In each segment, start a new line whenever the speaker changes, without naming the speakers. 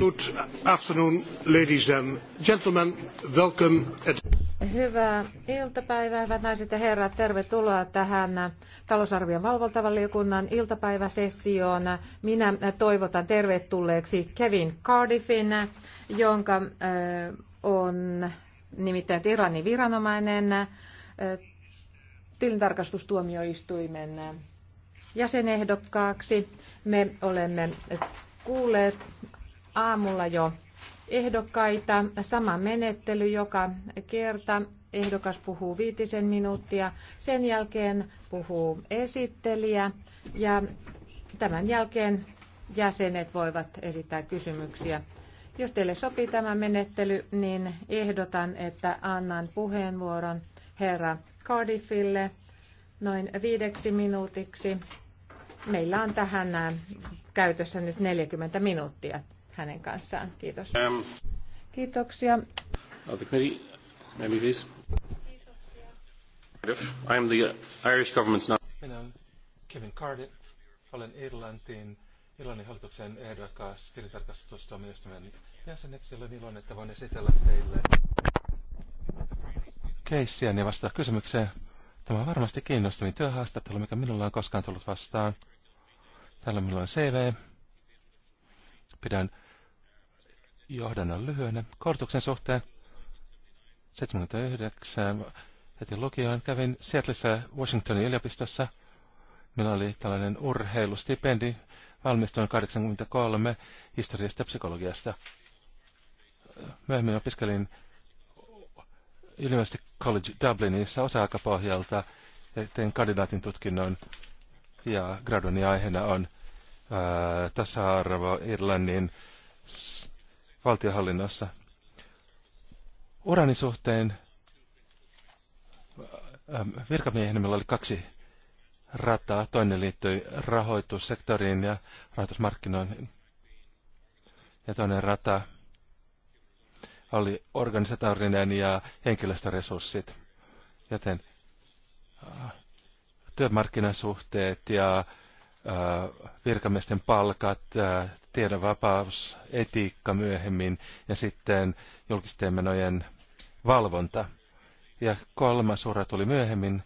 Good afternoon, ladies and gentlemen. Welcome.
Hyvää iltapäivää, hyvät naiset ja herrat. Tervetuloa tähän talousarvion valvontavaliokunnan iltapäiväsessioon. Minä toivotan tervetulleeksi Kevin Cardiffin, jonka on nimittäin Irlannin viranomainen tilintarkastustuomioistuimen jäsenehdokkaaksi. Me olemme kuulleet aamulla jo ehdokkaita. Sama menettely joka kerta. Ehdokas puhuu viitisen minuuttia, sen jälkeen puhuu esittelijä ja tämän jälkeen jäsenet voivat esittää kysymyksiä. Jos teille sopii tämä menettely, niin ehdotan, että annan puheenvuoron herra Cardiffille noin viideksi minuutiksi. Meillä on tähän käytössä nyt 40 minuuttia hänen kanssaan. Kiitos. Um, Kiitoksia.
The the
Irish government's now. Minä olen Kevin Cardiff. Olen Irlantin, Irlannin hallituksen ehdokas tilintarkastustuomioistuimen jäseneksi. Olen iloinen, että voin esitellä teille keissiä ja vastaa kysymykseen. Tämä on varmasti kiinnostavin työhaastattelu, mikä minulla on koskaan tullut vastaan. Täällä minulla on CV, pidän johdannon lyhyenä. Kortuksen suhteen 79 heti lukioon kävin Seattleissa Washingtonin yliopistossa. Minulla oli tällainen urheilustipendi. Valmistuin 83 historiasta ja psykologiasta. Myöhemmin opiskelin University College Dublinissa osa-aikapohjalta ja tein kandidaatin tutkinnon ja graduni aiheena on tasa-arvo Irlannin valtiohallinnossa. Urani suhteen virkamiehenä meillä oli kaksi rataa. Toinen liittyi rahoitussektoriin ja rahoitusmarkkinoihin. Ja toinen rata oli organisatorinen ja henkilöstöresurssit. Joten työmarkkinasuhteet ja Äh, virkamiesten palkat, äh, tiedonvapaus, etiikka myöhemmin ja sitten julkisten menojen valvonta. Ja kolmas ura tuli myöhemmin,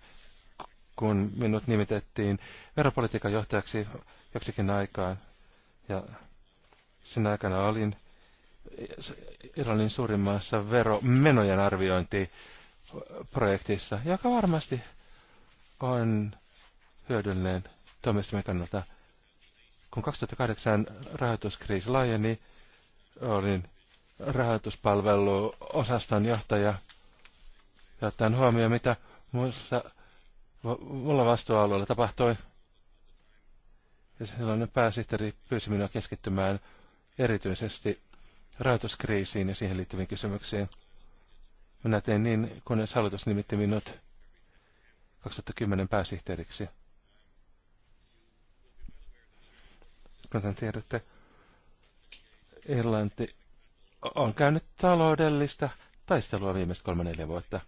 kun minut nimitettiin veropolitiikan johtajaksi joksikin aikaan. Ja sinä aikana olin Irlannin suurimmassa veromenojen arviointiprojektissa, joka varmasti on hyödyllinen toimistamme kannalta. Kun 2008 rahoituskriisi laajeni, olin rahoituspalveluosaston johtaja. Ja ottaen huomioon, mitä muussa, mulla vastuualueella tapahtui. Ja silloin pääsihteeri pyysi minua keskittymään erityisesti rahoituskriisiin ja siihen liittyviin kysymyksiin. Minä tein niin, kunnes hallitus nimitti minut 2010 pääsihteeriksi. Kuten tiedätte, Irlanti on käynyt taloudellista taistelua viimeiset kolme neljä vuotta.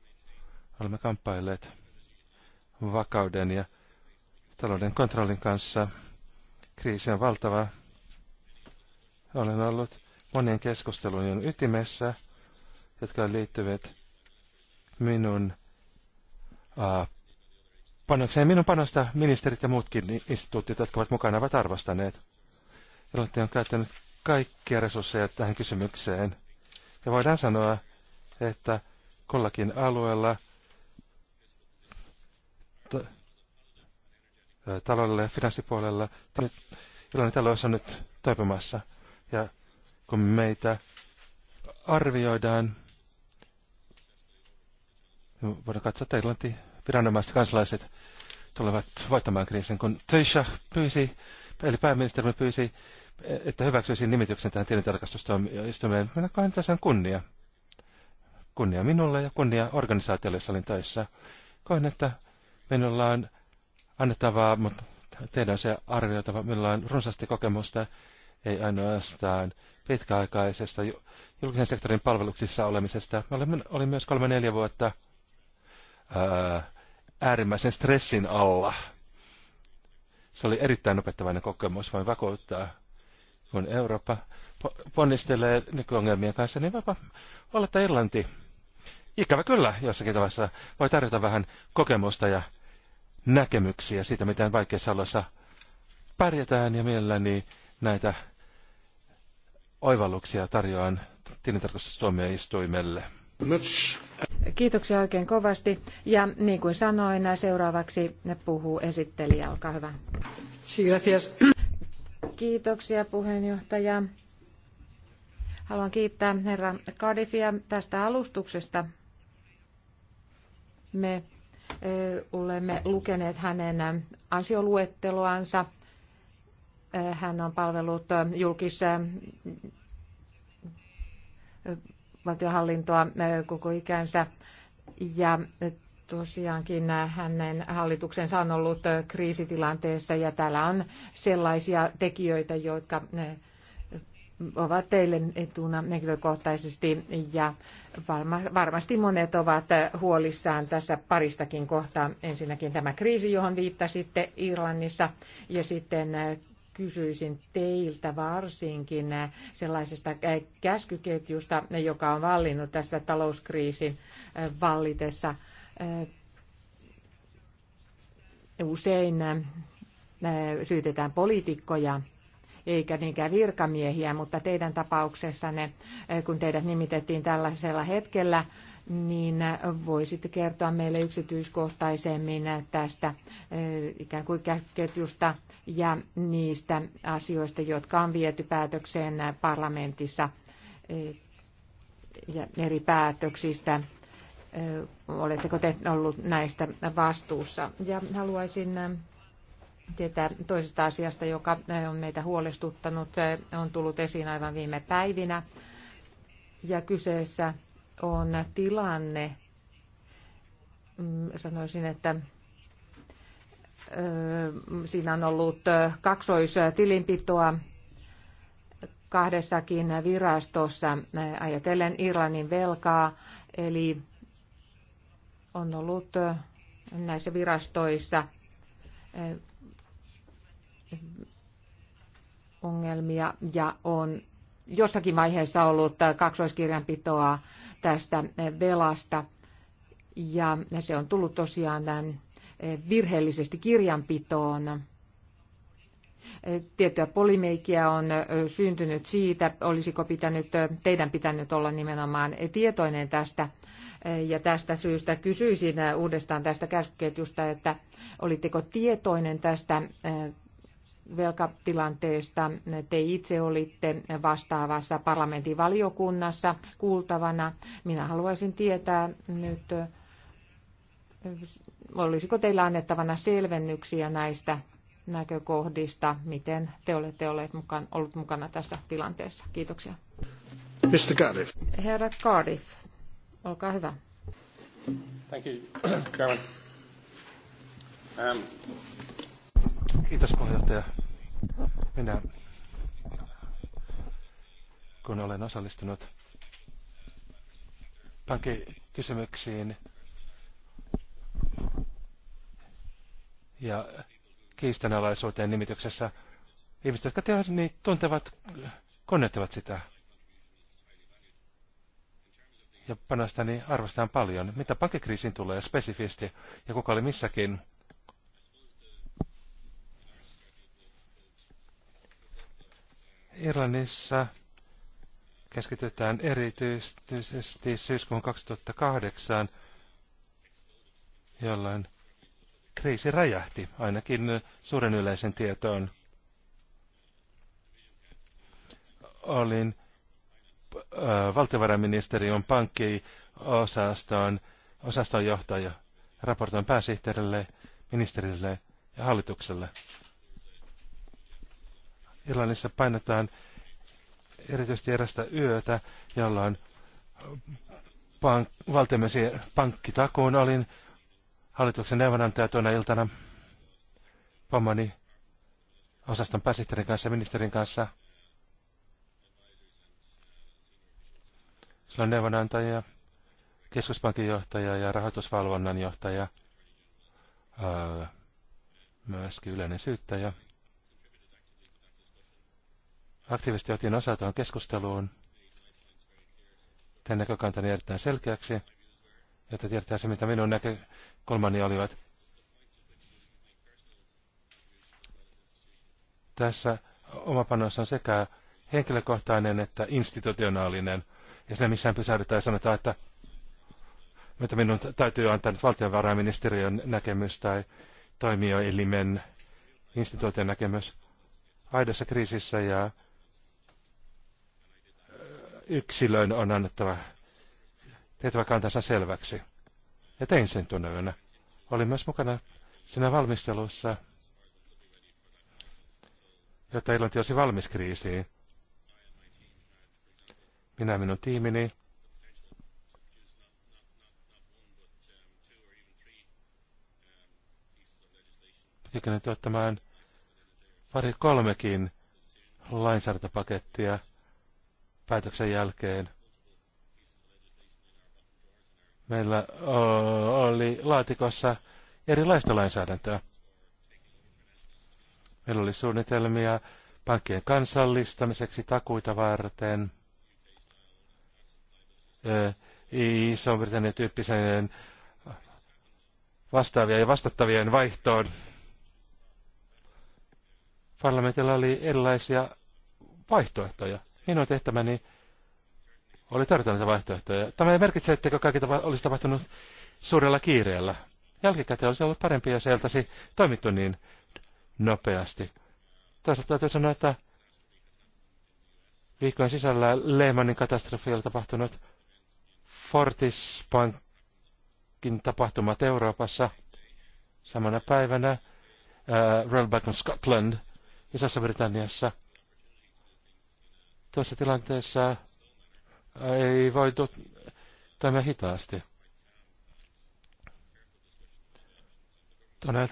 Olemme kamppailleet vakauden ja talouden kontrollin kanssa. Kriisi on valtava. Olen ollut monien keskustelujen ytimessä, jotka liittyvät minun uh, panokseen. Minun panosta ministerit ja muutkin instituutit, jotka ovat mukana, ovat arvostaneet. Irlanti on käyttänyt kaikkia resursseja tähän kysymykseen. Ja voidaan sanoa, että kollakin alueella taloudella ja finanssipuolella Irlannin talous on nyt toipumassa. Ja kun meitä arvioidaan, niin voidaan katsoa, että Irlanti viranomaiset kansalaiset tulevat voittamaan kriisin. Kun Tysha pyysi, eli pääministeri pyysi että hyväksyisin nimityksen tähän tilintarkastustoimistoimeen. Minä koen tässä kunnia. Kunnia minulle ja kunnia organisaatiolle, jossa olin töissä. Koen, että minulla on annettavaa, mutta teidän se arvioitava, minulla on runsaasti kokemusta, ei ainoastaan pitkäaikaisesta julkisen sektorin palveluksissa olemisesta. Mä olin, olin myös kolme neljä vuotta ää, äärimmäisen stressin alla. Se oli erittäin opettavainen kokemus, voin vakuuttaa kun Eurooppa ponnistelee nykyongelmien kanssa, niin voipa olla, että Irlanti, ikävä kyllä jossakin tavassa voi tarjota vähän kokemusta ja näkemyksiä siitä, miten vaikeissa oloissa pärjätään ja mielelläni näitä oivalluksia tarjoan tilintarkastustuomioistuimelle.
Kiitoksia oikein kovasti. Ja niin kuin sanoin, seuraavaksi puhuu esittelijä. Olkaa hyvä. Sí, gracias. Kiitoksia puheenjohtaja. Haluan kiittää herra Cardiffia tästä alustuksesta. Me olemme lukeneet hänen asioluetteloansa. Hän on palvellut julkissa valtionhallintoa koko ikänsä ja tosiaankin hänen hallituksensa on ollut kriisitilanteessa ja täällä on sellaisia tekijöitä, jotka eh, ovat teille etuna henkilökohtaisesti ja varmasti monet ovat huolissaan tässä paristakin kohtaa. Ensinnäkin tämä kriisi, johon viittasitte Irlannissa ja sitten eh, kysyisin teiltä varsinkin eh, sellaisesta käskyketjusta, joka on vallinnut tässä talouskriisin vallitessa – usein syytetään poliitikkoja eikä niinkään virkamiehiä, mutta teidän tapauksessanne, kun teidät nimitettiin tällaisella hetkellä, niin voisitte kertoa meille yksityiskohtaisemmin tästä ikään kuin ketjusta ja niistä asioista, jotka on viety päätökseen parlamentissa ja eri päätöksistä Oletteko te ollut näistä vastuussa? Ja haluaisin tietää toisesta asiasta, joka on meitä huolestuttanut, on tullut esiin aivan viime päivinä. Ja kyseessä on tilanne, mm, sanoisin, että siinä on ollut kaksoistilinpitoa kahdessakin virastossa ajatellen Irlannin velkaa, eli on ollut näissä virastoissa ongelmia ja on jossakin vaiheessa ollut kaksoiskirjanpitoa tästä velasta. Ja se on tullut tosiaan virheellisesti kirjanpitoon Tiettyä polimeikia on syntynyt siitä, olisiko pitänyt, teidän pitänyt olla nimenomaan tietoinen tästä. Ja tästä syystä kysyisin uudestaan tästä käskyketjusta, että olitteko tietoinen tästä velkatilanteesta. Te itse olitte vastaavassa parlamentin valiokunnassa kuultavana. Minä haluaisin tietää nyt, olisiko teillä annettavana selvennyksiä näistä näkökohdista, miten te olette olleet mukaan, ollut mukana tässä tilanteessa. Kiitoksia.
Mr. Cardiff.
Herra Cardiff, olkaa hyvä.
Thank you,
Um. Kiitos puheenjohtaja. Minä, kun olen osallistunut pankkikysymyksiin ja kiistanalaisuuteen nimityksessä. Ihmiset, jotka tehdään, niin tuntevat, konnettavat sitä. Ja panostani niin arvostan paljon, mitä pankkikriisiin tulee spesifisti ja kuka oli missäkin. Irlannissa keskitytään erityisesti syyskuun 2008, jolloin kriisi räjähti, ainakin suuren yleisen tietoon. Olin äh, valtiovarainministeriön pankkiosaston osaston johtaja. Raportoin pääsihteerille, ministerille ja hallitukselle. Irlannissa painetaan erityisesti erästä yötä, jolloin pank- valtiomme pankkitakuun olin hallituksen neuvonantaja tuona iltana pomoni osaston pääsihteerin kanssa ja ministerin kanssa. Sillä on neuvonantaja, keskuspankin johtaja ja rahoitusvalvonnan johtaja, öö, myöskin yleinen syyttäjä. Aktiivisesti otin osaa tuohon keskusteluun. Tämän näkökantani erittäin selkeäksi jotta tietää, se, mitä minun näkökulmani olivat. Tässä oma panos on sekä henkilökohtainen että institutionaalinen. Ja siinä missään pysähdytään ja sanotaan, että mitä minun täytyy antaa nyt valtiovarainministeriön näkemys tai toimijoelimen instituution näkemys aidossa kriisissä ja yksilön on annettava tehtävä kantansa selväksi. Ja tein sen tuonne yönä. Olin myös mukana siinä valmistelussa, jotta Irlanti olisi valmis kriisiin. Minä minun tiimini kykenyt ottamaan pari kolmekin lainsäädäntöpakettia päätöksen jälkeen. Meillä oli laatikossa erilaista lainsäädäntöä. Meillä oli suunnitelmia pankkien kansallistamiseksi takuita varten, Iso-Britannian tyyppiseen vastaavien ja vastattavien vaihtoon. Parlamentilla oli erilaisia vaihtoehtoja. Minun tehtäväni oli tarjota näitä vaihtoehtoja. Tämä ei merkitse, kaikki olisi tapahtunut suurella kiireellä. Jälkikäteen olisi ollut parempi, jos eltäisi toimittu niin nopeasti. Toisaalta täytyy sanoa, että viikkojen sisällä Lehmanin oli tapahtunut Fortispankin tapahtumat Euroopassa samana päivänä, uh, Royal Bank of Scotland Isossa-Britanniassa. Tuossa tilanteessa ei tot... toimia hitaasti.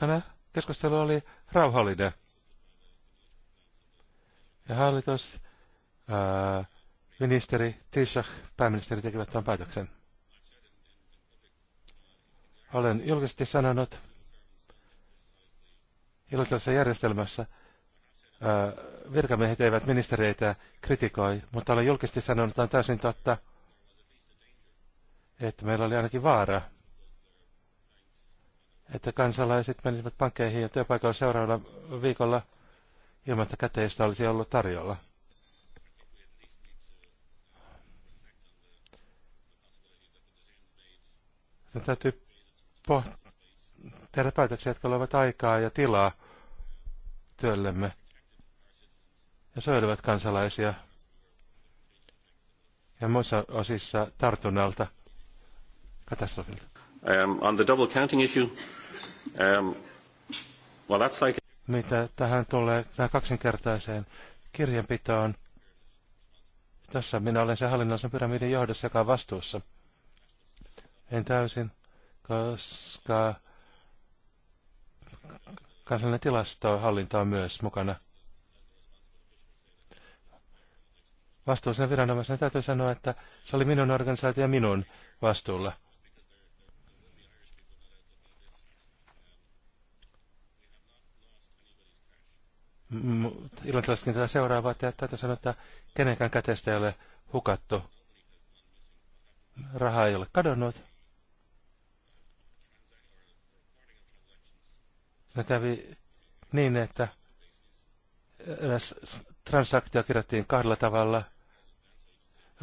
Tänä keskustelu oli rauhallinen. Ja hallitus, ää, ministeri Tishak, pääministeri tekevät tämän päätöksen. Olen julkisesti sanonut iloisessa järjestelmässä, virkamiehet eivät ministereitä kritikoi, mutta olen julkisesti sanonut, että on täysin totta, että meillä oli ainakin vaara, että kansalaiset menisivät pankkeihin ja työpaikoille seuraavalla viikolla ilman, että käteistä olisi ollut tarjolla. Sen täytyy poht- tehdä päätöksiä, jotka luovat aikaa ja tilaa työllemme ja suojelevat kansalaisia ja muissa osissa tartunnalta katastrofilta.
Um, on the double counting issue, um, well that's like...
Mitä tähän tulee tähän kaksinkertaiseen kirjanpitoon, tässä minä olen se hallinnollisen pyramidin johdossa, joka on vastuussa. En täysin, koska kansallinen tilastohallinta on myös mukana. vastuullisena viranomaisena täytyy sanoa, että se oli minun organisaatio minun vastuulla. Irlantilaisetkin tätä seuraavaa, että täytyy sanoa, että kenenkään kätestä ei ole hukattu. Raha ei ole kadonnut. Se kävi niin, että transaktio kirjattiin kahdella tavalla –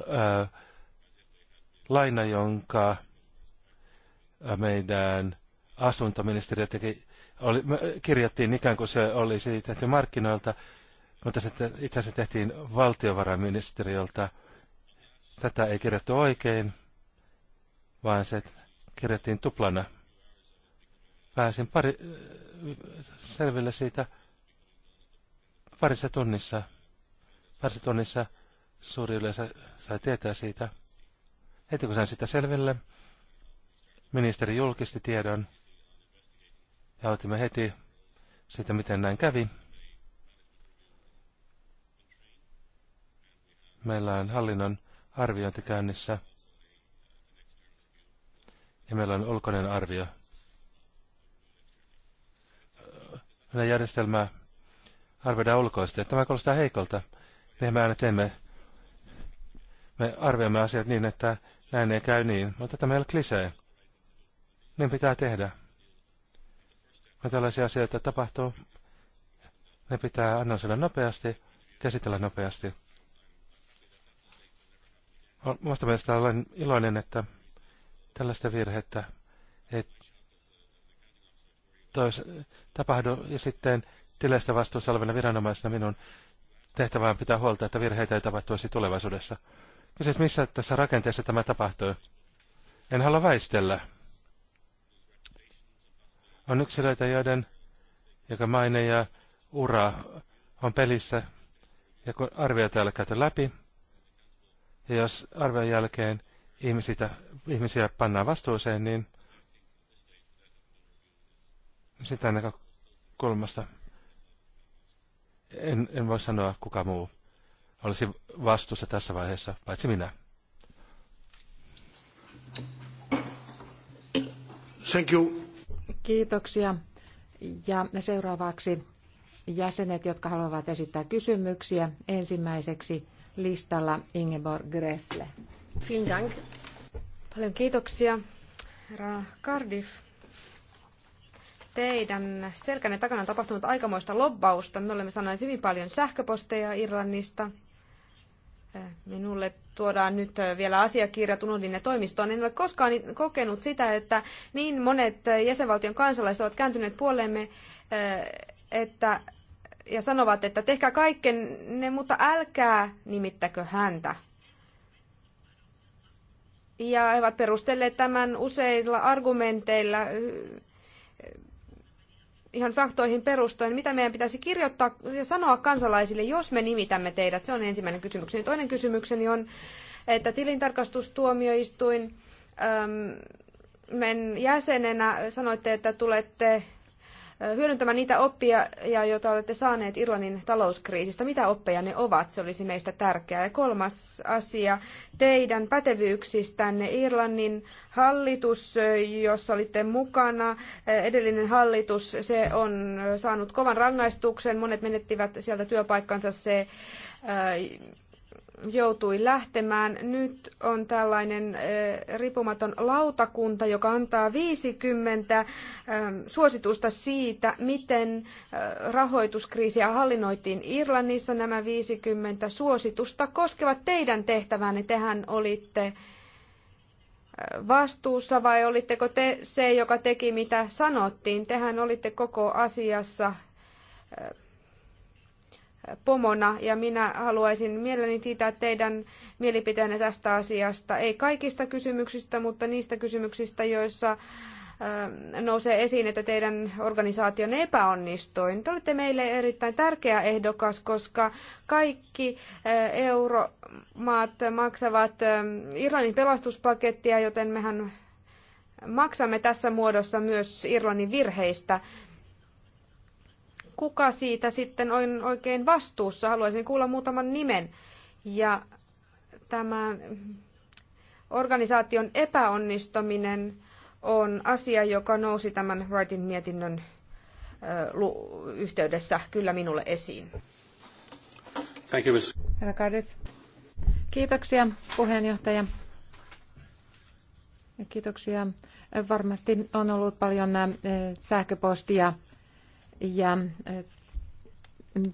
ää, laina, jonka meidän asuntoministeriö teki, oli, me kirjattiin ikään kuin se oli tehty markkinoilta, mutta se itse asiassa tehtiin valtiovarainministeriöltä. Tätä ei kirjattu oikein, vaan se kirjattiin tuplana. Pääsin pari, selville siitä parissa tunnissa. Parissa tunnissa Suuri yleensä sai tietää siitä. Heti kun sain sitä selville, ministeri julkisti tiedon ja aloitimme heti siitä, miten näin kävi. Meillä on hallinnon arviointi käynnissä ja meillä on ulkoinen arvio. Meidän järjestelmää arvioidaan ulkoisesti. Tämä kuulostaa heikolta. Niin me aina teemme me arvioimme asiat niin, että näin ei käy niin, mutta no, tämä ei ole klisee. Niin pitää tehdä. Kun no, tällaisia asioita tapahtuu, ne pitää annonsoida nopeasti, käsitellä nopeasti. Omasta mielestä olen iloinen, että tällaista virhettä ei tois, tapahdu. Ja sitten tileistä vastuussa olevana viranomaisena minun tehtävään pitää huolta, että virheitä ei tapahtuisi tulevaisuudessa kysyt, missä tässä rakenteessa tämä tapahtuu. En halua väistellä. On yksilöitä, joiden joka maine ja ura on pelissä, ja kun arvio täällä käyty läpi, ja jos arvion jälkeen ihmisitä, ihmisiä pannaan vastuuseen, niin sitä näkökulmasta en, en voi sanoa kuka muu olisi vastuussa tässä vaiheessa, paitsi minä.
Thank you.
Kiitoksia. Ja seuraavaksi jäsenet, jotka haluavat esittää kysymyksiä. Ensimmäiseksi listalla Ingeborg Gressle. Vielen Dank.
Paljon kiitoksia, herra Cardiff. Teidän selkänne takana on tapahtunut aikamoista lobbausta. Me olemme saaneet hyvin paljon sähköposteja Irlannista Minulle tuodaan nyt vielä asiakirjat, unohdin ne toimistoon. En ole koskaan kokenut sitä, että niin monet jäsenvaltion kansalaiset ovat kääntyneet puoleemme että, ja sanovat, että tehkää kaikkenne, mutta älkää nimittäkö häntä. Ja he ovat perustelleet tämän useilla argumenteilla ihan faktoihin perustuen, mitä meidän pitäisi kirjoittaa ja sanoa kansalaisille, jos me nimitämme teidät? Se on ensimmäinen kysymykseni. Toinen kysymykseni on, että tilintarkastustuomioistuin äm, jäsenenä sanoitte, että tulette hyödyntämään niitä oppia, joita olette saaneet Irlannin talouskriisistä. Mitä oppeja ne ovat? Se olisi meistä tärkeää. Ja kolmas asia, teidän pätevyyksistänne Irlannin hallitus, jossa olitte mukana, edellinen hallitus, se on saanut kovan rangaistuksen. Monet menettivät sieltä työpaikkansa. Se joutui lähtemään. Nyt on tällainen eh, riippumaton lautakunta, joka antaa 50 eh, suositusta siitä, miten eh, rahoituskriisiä hallinnoitiin Irlannissa. Nämä 50 suositusta koskevat teidän tehtävänne. Tehän olitte vastuussa vai olitteko te se, joka teki mitä sanottiin? Tehän olitte koko asiassa pomona ja minä haluaisin mielelläni tietää teidän mielipiteenne tästä asiasta. Ei kaikista kysymyksistä, mutta niistä kysymyksistä, joissa ähm, nousee esiin, että teidän organisaationne epäonnistui. Te olette meille erittäin tärkeä ehdokas, koska kaikki äh, euromaat maksavat ähm, Irlannin pelastuspakettia, joten mehän maksamme tässä muodossa myös Irlannin virheistä kuka siitä sitten on oikein vastuussa. Haluaisin kuulla muutaman nimen. Ja tämän organisaation epäonnistuminen on asia, joka nousi tämän Wrightin mietinnön yhteydessä kyllä minulle esiin.
Thank you,
Herra Cardiff. Kiitoksia puheenjohtaja. Kiitoksia. Varmasti on ollut paljon sähköpostia ja eh,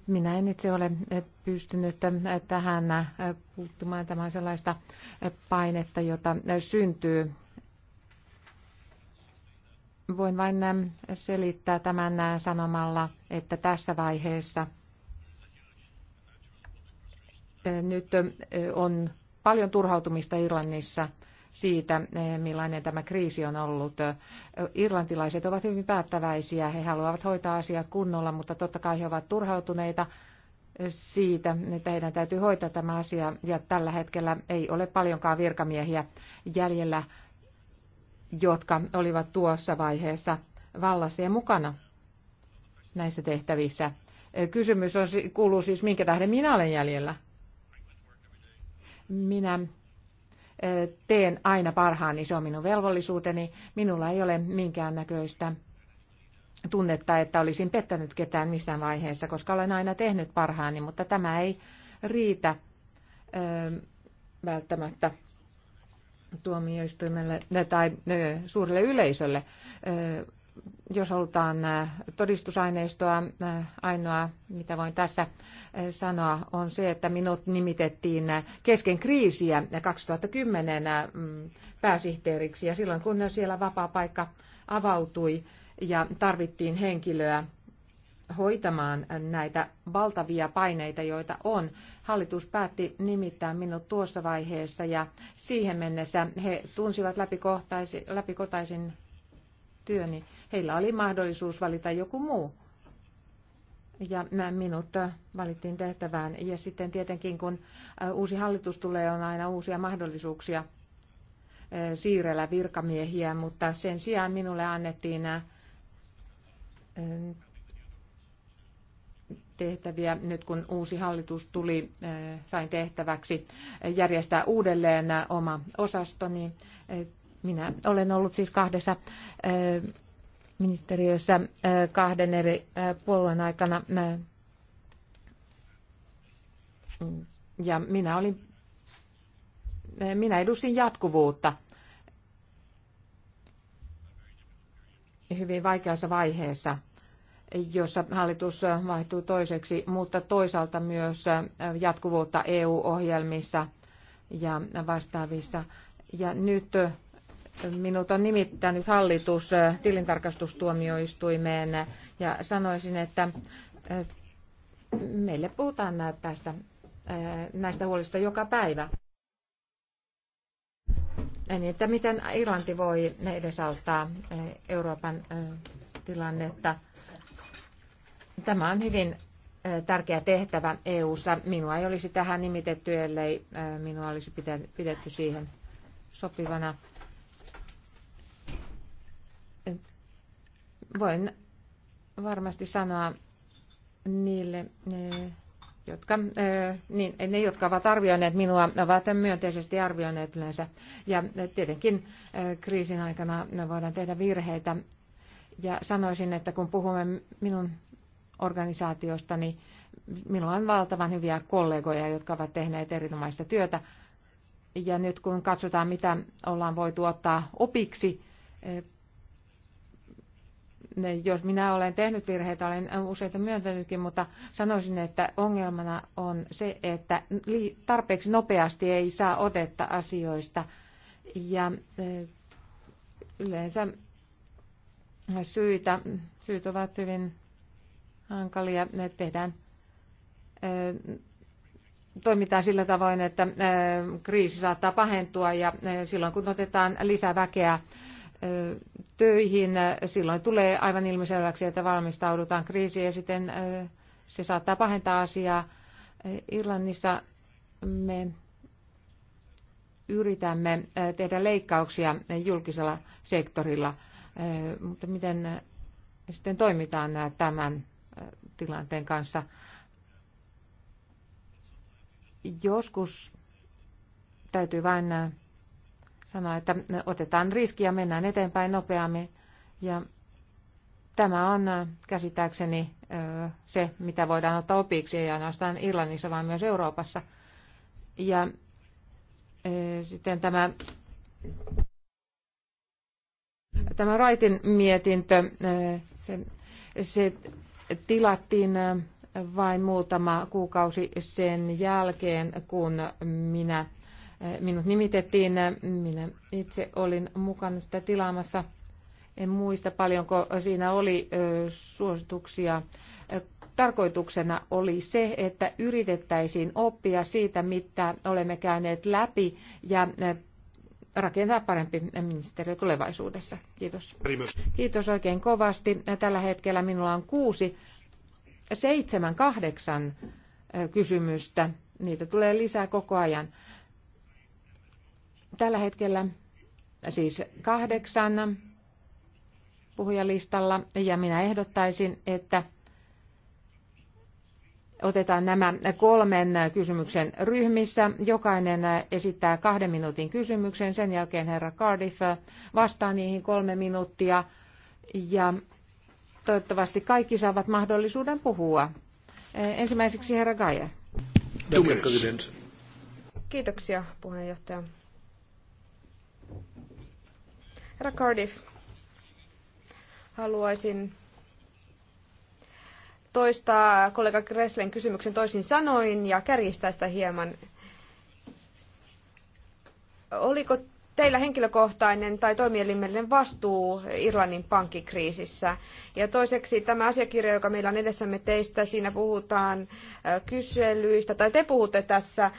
minä en itse ole eh, pystynyt eh, tähän puuttumaan. Tämä on sellaista painetta, jota syntyy. Voin vain selittää tämän sanomalla, että tässä vaiheessa nyt on paljon turhautumista Irlannissa – siitä, eh, millainen tämä kriisi on ollut. Irlantilaiset ovat hyvin päättäväisiä. He haluavat hoitaa asiat kunnolla, mutta totta kai he ovat turhautuneita siitä, että heidän täytyy hoitaa tämä asia. Ja tällä hetkellä ei ole paljonkaan virkamiehiä jäljellä, jotka olivat tuossa vaiheessa vallassa ja mukana näissä tehtävissä. Kysymys on, kuuluu siis, minkä tähden minä olen jäljellä? Minä teen aina parhaani, se on minun velvollisuuteni. Minulla ei ole minkään näköistä tunnetta, että olisin pettänyt ketään missään vaiheessa, koska olen aina tehnyt parhaani, mutta tämä ei riitä välttämättä tuomioistuimelle tai suurelle yleisölle jos halutaan äh, todistusaineistoa, äh, ainoa mitä voin tässä äh, sanoa on se, että minut nimitettiin kesken kriisiä 2010 mm, pääsihteeriksi ja silloin kun siellä vapaa paikka avautui ja tarvittiin henkilöä hoitamaan näitä valtavia paineita, joita on. Hallitus päätti nimittää minut tuossa vaiheessa ja siihen mennessä he tunsivat läpikotaisin työ, niin heillä oli mahdollisuus valita joku muu. Ja minut äh, valittiin tehtävään. Ja sitten tietenkin, kun äh, uusi hallitus tulee, on aina uusia mahdollisuuksia äh, siirrellä virkamiehiä, mutta sen sijaan minulle annettiin tehtäviä. Nyt kun uusi hallitus tuli, sain tehtäväksi järjestää uudelleen oma osastoni. Minä olen ollut siis kahdessa ministeriössä kahden eri puolueen aikana. Ja minä, olin, minä edustin jatkuvuutta hyvin vaikeassa vaiheessa, jossa hallitus vaihtuu toiseksi, mutta toisaalta myös jatkuvuutta EU-ohjelmissa ja vastaavissa. Ja nyt minut on nimittänyt hallitus tilintarkastustuomioistuimeen ja sanoisin, että meille puhutaan tästä, näistä huolista joka päivä. Niin, että miten Irlanti voi edesauttaa Euroopan tilannetta. Tämä on hyvin tärkeä tehtävä EU:ssa. Minua ei olisi tähän nimitetty, ellei minua olisi pidetty siihen sopivana voin varmasti sanoa niille, ne, jotka, niin, ne, jotka ovat arvioineet minua, ovat myönteisesti arvioineet yleensä. Ja tietenkin kriisin aikana voidaan tehdä virheitä. Ja sanoisin, että kun puhumme minun organisaatiostani, minulla on valtavan hyviä kollegoja, jotka ovat tehneet erinomaista työtä. Ja nyt kun katsotaan, mitä ollaan voitu ottaa opiksi jos minä olen tehnyt virheitä, olen useita myöntänytkin, mutta sanoisin, että ongelmana on se, että tarpeeksi nopeasti ei saa otetta asioista. Ja e, yleensä syitä, syyt ovat hyvin hankalia. Ne tehdään, e, toimitaan sillä tavoin, että e, kriisi saattaa pahentua ja silloin kun otetaan lisää väkeä töihin, silloin tulee aivan ilmiselväksi, että valmistaudutaan kriisiin ja sitten se saattaa pahentaa asiaa. Irlannissa me yritämme tehdä leikkauksia julkisella sektorilla, mutta miten sitten toimitaan tämän tilanteen kanssa? Joskus täytyy vain sanoa, että otetaan riski ja mennään eteenpäin nopeammin. Ja tämä on käsittääkseni se, mitä voidaan ottaa opiksi, ei ainoastaan Irlannissa, vaan myös Euroopassa. Ja sitten tämä, tämä Raitin mietintö, se, se tilattiin vain muutama kuukausi sen jälkeen, kun minä minut nimitettiin. Minä itse olin mukana sitä tilaamassa. En muista paljonko siinä oli suosituksia. Tarkoituksena oli se, että yritettäisiin oppia siitä, mitä olemme käyneet läpi ja rakentaa parempi ministeriö tulevaisuudessa. Kiitos. Kiitos oikein kovasti. Tällä hetkellä minulla on kuusi, seitsemän, kahdeksan kysymystä. Niitä tulee lisää koko ajan. Tällä hetkellä siis kahdeksan puhujalistalla ja minä ehdottaisin, että otetaan nämä kolmen kysymyksen ryhmissä. Jokainen esittää kahden minuutin kysymyksen. Sen jälkeen herra Cardiff vastaa niihin kolme minuuttia. Ja toivottavasti kaikki saavat mahdollisuuden puhua. Ensimmäiseksi herra Gaia. Kiitoksia puheenjohtaja.
Herra Cardiff, haluaisin toistaa kollega Gresslen kysymyksen toisin sanoin ja kärjistää sitä hieman. Oliko teillä henkilökohtainen tai toimielimellinen vastuu Irlannin pankkikriisissä? Ja toiseksi tämä asiakirja, joka meillä on edessämme teistä, siinä puhutaan kyselyistä, tai te puhutte tässä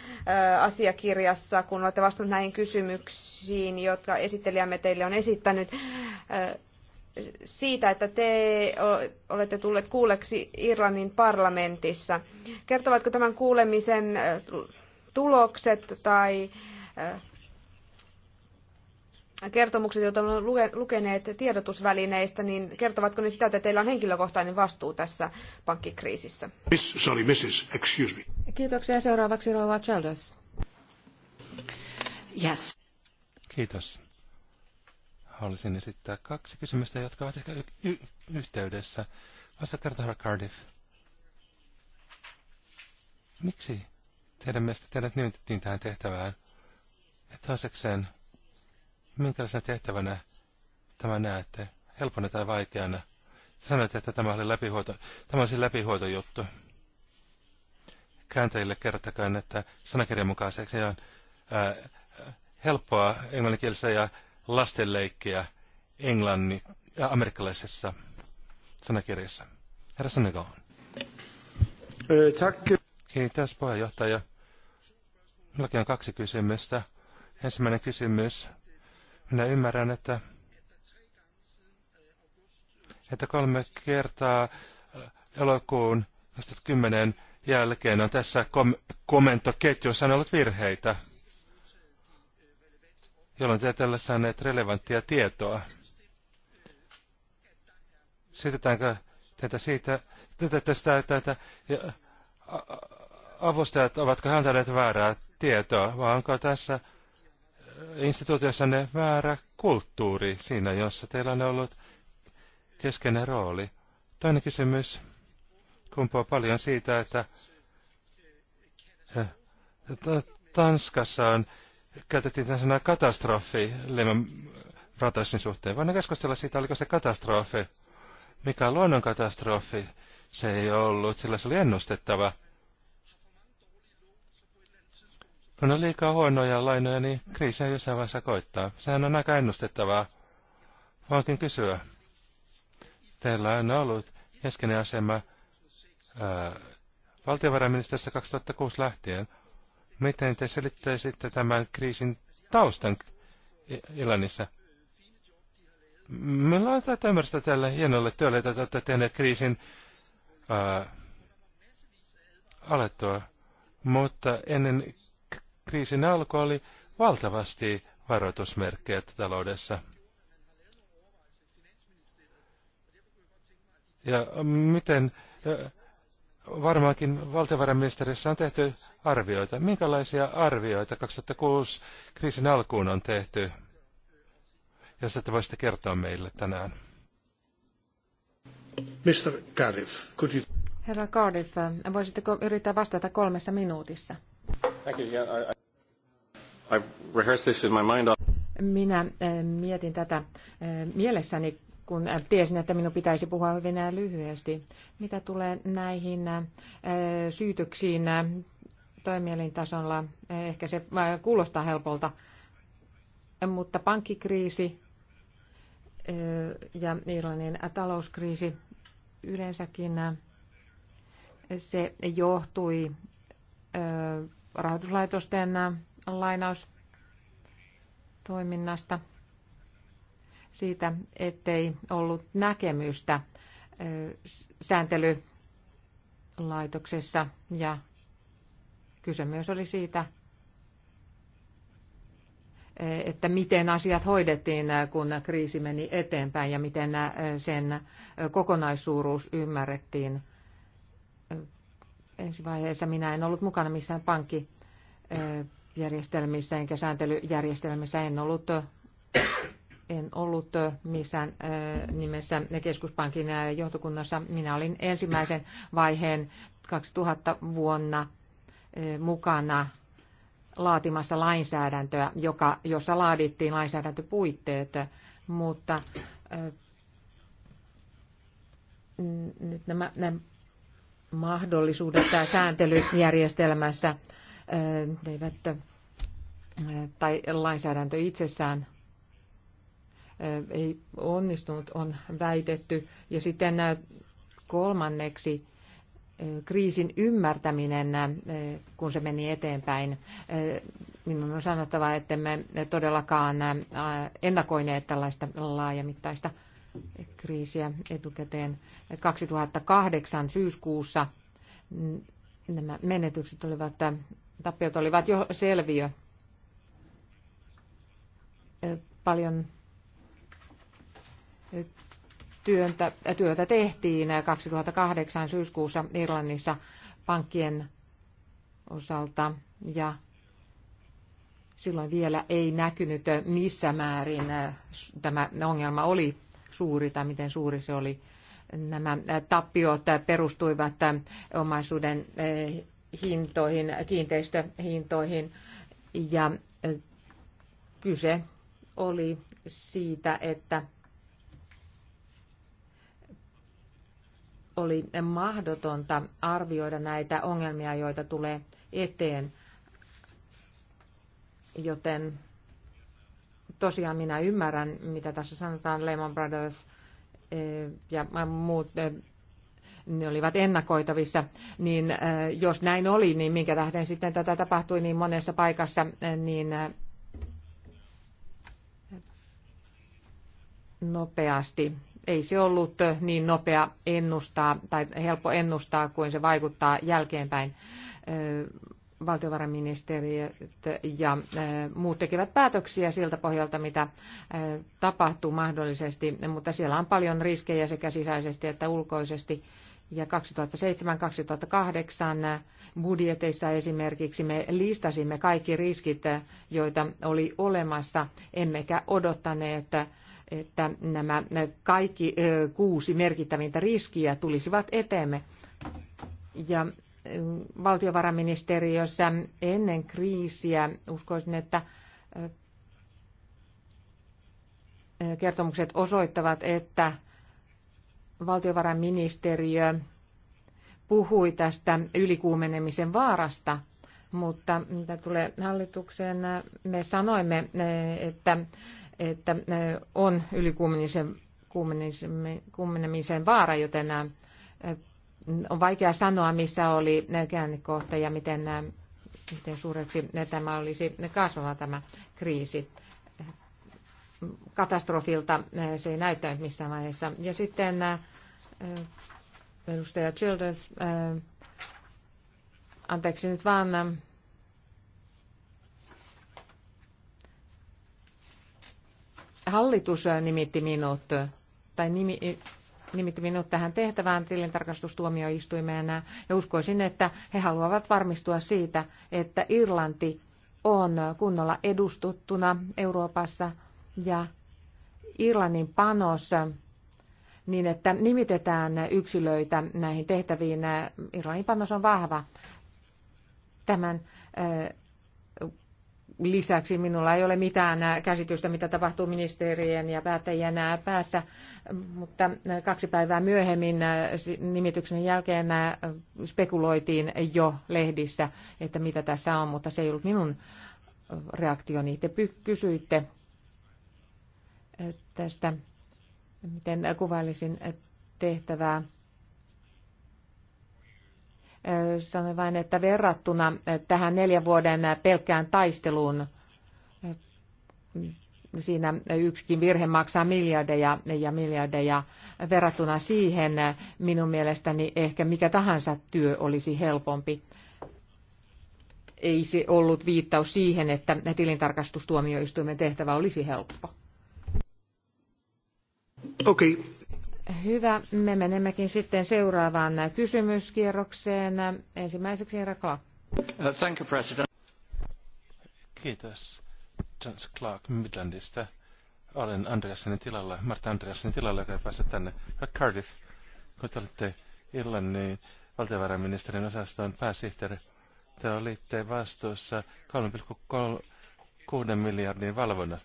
asiakirjassa, kun olette vastannut näihin kysymyksiin, jotka esittelijämme teille on esittänyt siitä, että te olette tulleet kuulleksi Irlannin parlamentissa. Kertovatko tämän kuulemisen tulokset tai kertomukset, joita olemme lukeneet tiedotusvälineistä, niin kertovatko ne sitä, että teillä on henkilökohtainen vastuu tässä pankkikriisissä?
Miss, sorry, Mrs. Excuse me.
Kiitoksia. Seuraavaksi Rova Childers. Yes.
Kiitos.
Haluaisin esittää kaksi kysymystä, jotka ovat ehkä y- y- yhteydessä. Cardiff. Miksi teidän mielestä teidät nimitettiin tähän tehtävään? Ja toisekseen, Minkälaisena tehtävänä tämä näette? Helpona tai vaikeana? Sanoit, että tämä oli läpihuoto, tämä olisi läpihuotojuttu. Kääntäjille kertokaa, että sanakirjan mukaan se on ää, helppoa englanninkielistä ja lastenleikkiä englannin ja amerikkalaisessa sanakirjassa. Herra Senegal. Tack. Kiitos puheenjohtaja. Minullakin on kaksi kysymystä. Ensimmäinen kysymys minä ymmärrän, että, että kolme kertaa elokuun 2010 jälkeen on tässä kom- komentoketjussa ollut virheitä, jolloin te tällä saaneet relevanttia tietoa. Syytetäänkö tätä siitä, tätä, tästä, tätä, avustajat, ovatko antaneet väärää tietoa, vai onko tässä instituutiossanne väärä kulttuuri siinä, jossa teillä on ollut keskeinen rooli. Toinen kysymys kumpuu paljon siitä, että Tanskassa on, käytettiin tämän sanaa katastrofi Lehman Brothersin suhteen. Voidaan keskustella siitä, oliko se katastrofi. Mikä on luonnon katastrofi? Se ei ollut, sillä se oli ennustettava. Kun on liikaa huonoja lainoja, niin kriisiä jossain vaiheessa koittaa. Sehän on aika ennustettavaa. Voinkin kysyä. Teillä on ollut keskeinen asema valtiovarainministeriössä 2006 lähtien. Miten te selittäisitte tämän kriisin taustan Ilanissa? Me tätä ymmärrystä tälle hienolle työlle, että olette tehneet kriisin ää, alettua. Mutta ennen kriisin alku oli valtavasti varoitusmerkkejä taloudessa. Ja miten, varmaankin valtiovarainministeriössä on tehty arvioita. Minkälaisia arvioita 2006 kriisin alkuun on tehty, jos te voisitte kertoa meille tänään? Mr.
Cardiff, could you...
Herra Cardiff, voisitteko yrittää vastata kolmessa minuutissa? Thank you. Yeah,
I, I've rehearsed this in my mind.
Minä eh, mietin tätä eh, mielessäni, kun eh, tiesin, että minun pitäisi puhua hyvin lyhyesti. Mitä tulee näihin syytöksiin toimielintasolla, ehkä se kuulostaa helpolta, mutta pankkikriisi ja Irlannin talouskriisi yleensäkin se johtui rahoituslaitosten äh, lainaustoiminnasta siitä, ettei ollut näkemystä äh, sääntelylaitoksessa ja kyse myös oli siitä, äh, että miten asiat hoidettiin, kun kriisi meni eteenpäin ja miten sen kokonaissuuruus ymmärrettiin ensi vaiheessa minä en ollut mukana missään pankkijärjestelmissä enkä sääntelyjärjestelmissä. En ollut, en ollut missään nimessä keskuspankin johtokunnassa. Minä olin ensimmäisen vaiheen 2000 vuonna mukana laatimassa lainsäädäntöä, joka, jossa laadittiin lainsäädäntöpuitteet, mutta nyt nämä, nämä mahdollisuudet sääntelyjärjestelmässä eivät, tai lainsäädäntö itsessään ei onnistunut, on väitetty. Ja sitten kolmanneksi kriisin ymmärtäminen, kun se meni eteenpäin. Minun on sanottava, että me todellakaan ennakoineet tällaista laajamittaista kriisiä etukäteen 2008 syyskuussa. Nämä menetykset olivat, tappiot olivat jo selviö. Paljon työntä, työtä tehtiin 2008 syyskuussa Irlannissa pankkien osalta ja silloin vielä ei näkynyt missä määrin äh, tämä ongelma oli suuri tai miten suuri se oli. Nämä tappiot perustuivat omaisuuden eh, hintoihin, kiinteistöhintoihin ja eh, kyse oli siitä, että oli mahdotonta arvioida näitä ongelmia, joita tulee eteen, joten tosiaan minä ymmärrän, mitä tässä sanotaan Lehman Brothers eh, ja muut eh, ne olivat ennakoitavissa, niin eh, jos näin oli, niin minkä tähden sitten tätä tapahtui niin monessa paikassa, niin nopeasti. Ei se ollut niin nopea ennustaa tai helppo ennustaa kuin se vaikuttaa jälkeenpäin valtiovarainministeriöt ja eh, muut tekevät päätöksiä siltä pohjalta, mitä eh, tapahtuu mahdollisesti, mutta siellä on paljon riskejä sekä sisäisesti että ulkoisesti. Ja 2007-2008 eh, budjeteissa esimerkiksi me listasimme kaikki riskit, joita oli olemassa, emmekä odottaneet, että nämä kaikki kuusi merkittävintä riskiä tulisivat eteemme. Ja valtiovarainministeriössä ennen kriisiä. Uskoisin, että kertomukset osoittavat, että valtiovarainministeriö puhui tästä ylikuumenemisen vaarasta, mutta mitä tulee hallitukseen, me sanoimme, että, että on ylikuumenemisen vaara, joten on vaikea sanoa, missä oli käännekohta ja miten, miten suureksi tämä olisi kasvava tämä kriisi. Katastrofilta se ei näyttänyt missään vaiheessa. Ja sitten edustaja Childers, anteeksi nyt vaan, hallitus nimitti minut, tai nimi, nimitti minut tähän tehtävään tilintarkastustuomioistuimeen ja uskoisin, että he haluavat varmistua siitä, että Irlanti on kunnolla edustuttuna Euroopassa ja Irlannin panos niin, että nimitetään yksilöitä näihin tehtäviin. Irlannin panos on vahva. Tämän lisäksi minulla ei ole mitään käsitystä, mitä tapahtuu ministerien ja päättäjien päässä, mutta kaksi päivää myöhemmin nimityksen jälkeen spekuloitiin jo lehdissä, että mitä tässä on, mutta se ei ollut minun reaktioni. Te kysyitte tästä, miten kuvailisin tehtävää Sanoin vain, että verrattuna eh, tähän neljän vuoden eh, pelkkään taisteluun eh, siinä yksikin virhe maksaa miljardeja ja miljardeja. Verrattuna siihen minun mielestäni ehkä mikä tahansa työ olisi helpompi. Ei se ollut viittaus siihen, että tilintarkastustuomioistuimen tehtävä olisi helppo. Okei, okay. Hyvä. Me menemmekin sitten seuraavaan kysymyskierrokseen. Ensimmäiseksi herra Clark.
Uh, thank you, President.
Kiitos. Johns Clark Midlandista. Olen Andreasenin tilalla, Marta Andreasenin tilalla, joka ei päässyt tänne. Cardiff, kun te olitte Irlannin valtiovarainministerin osaston pääsihteeri, te olitte vastuussa 3,6 miljardin valvonnan.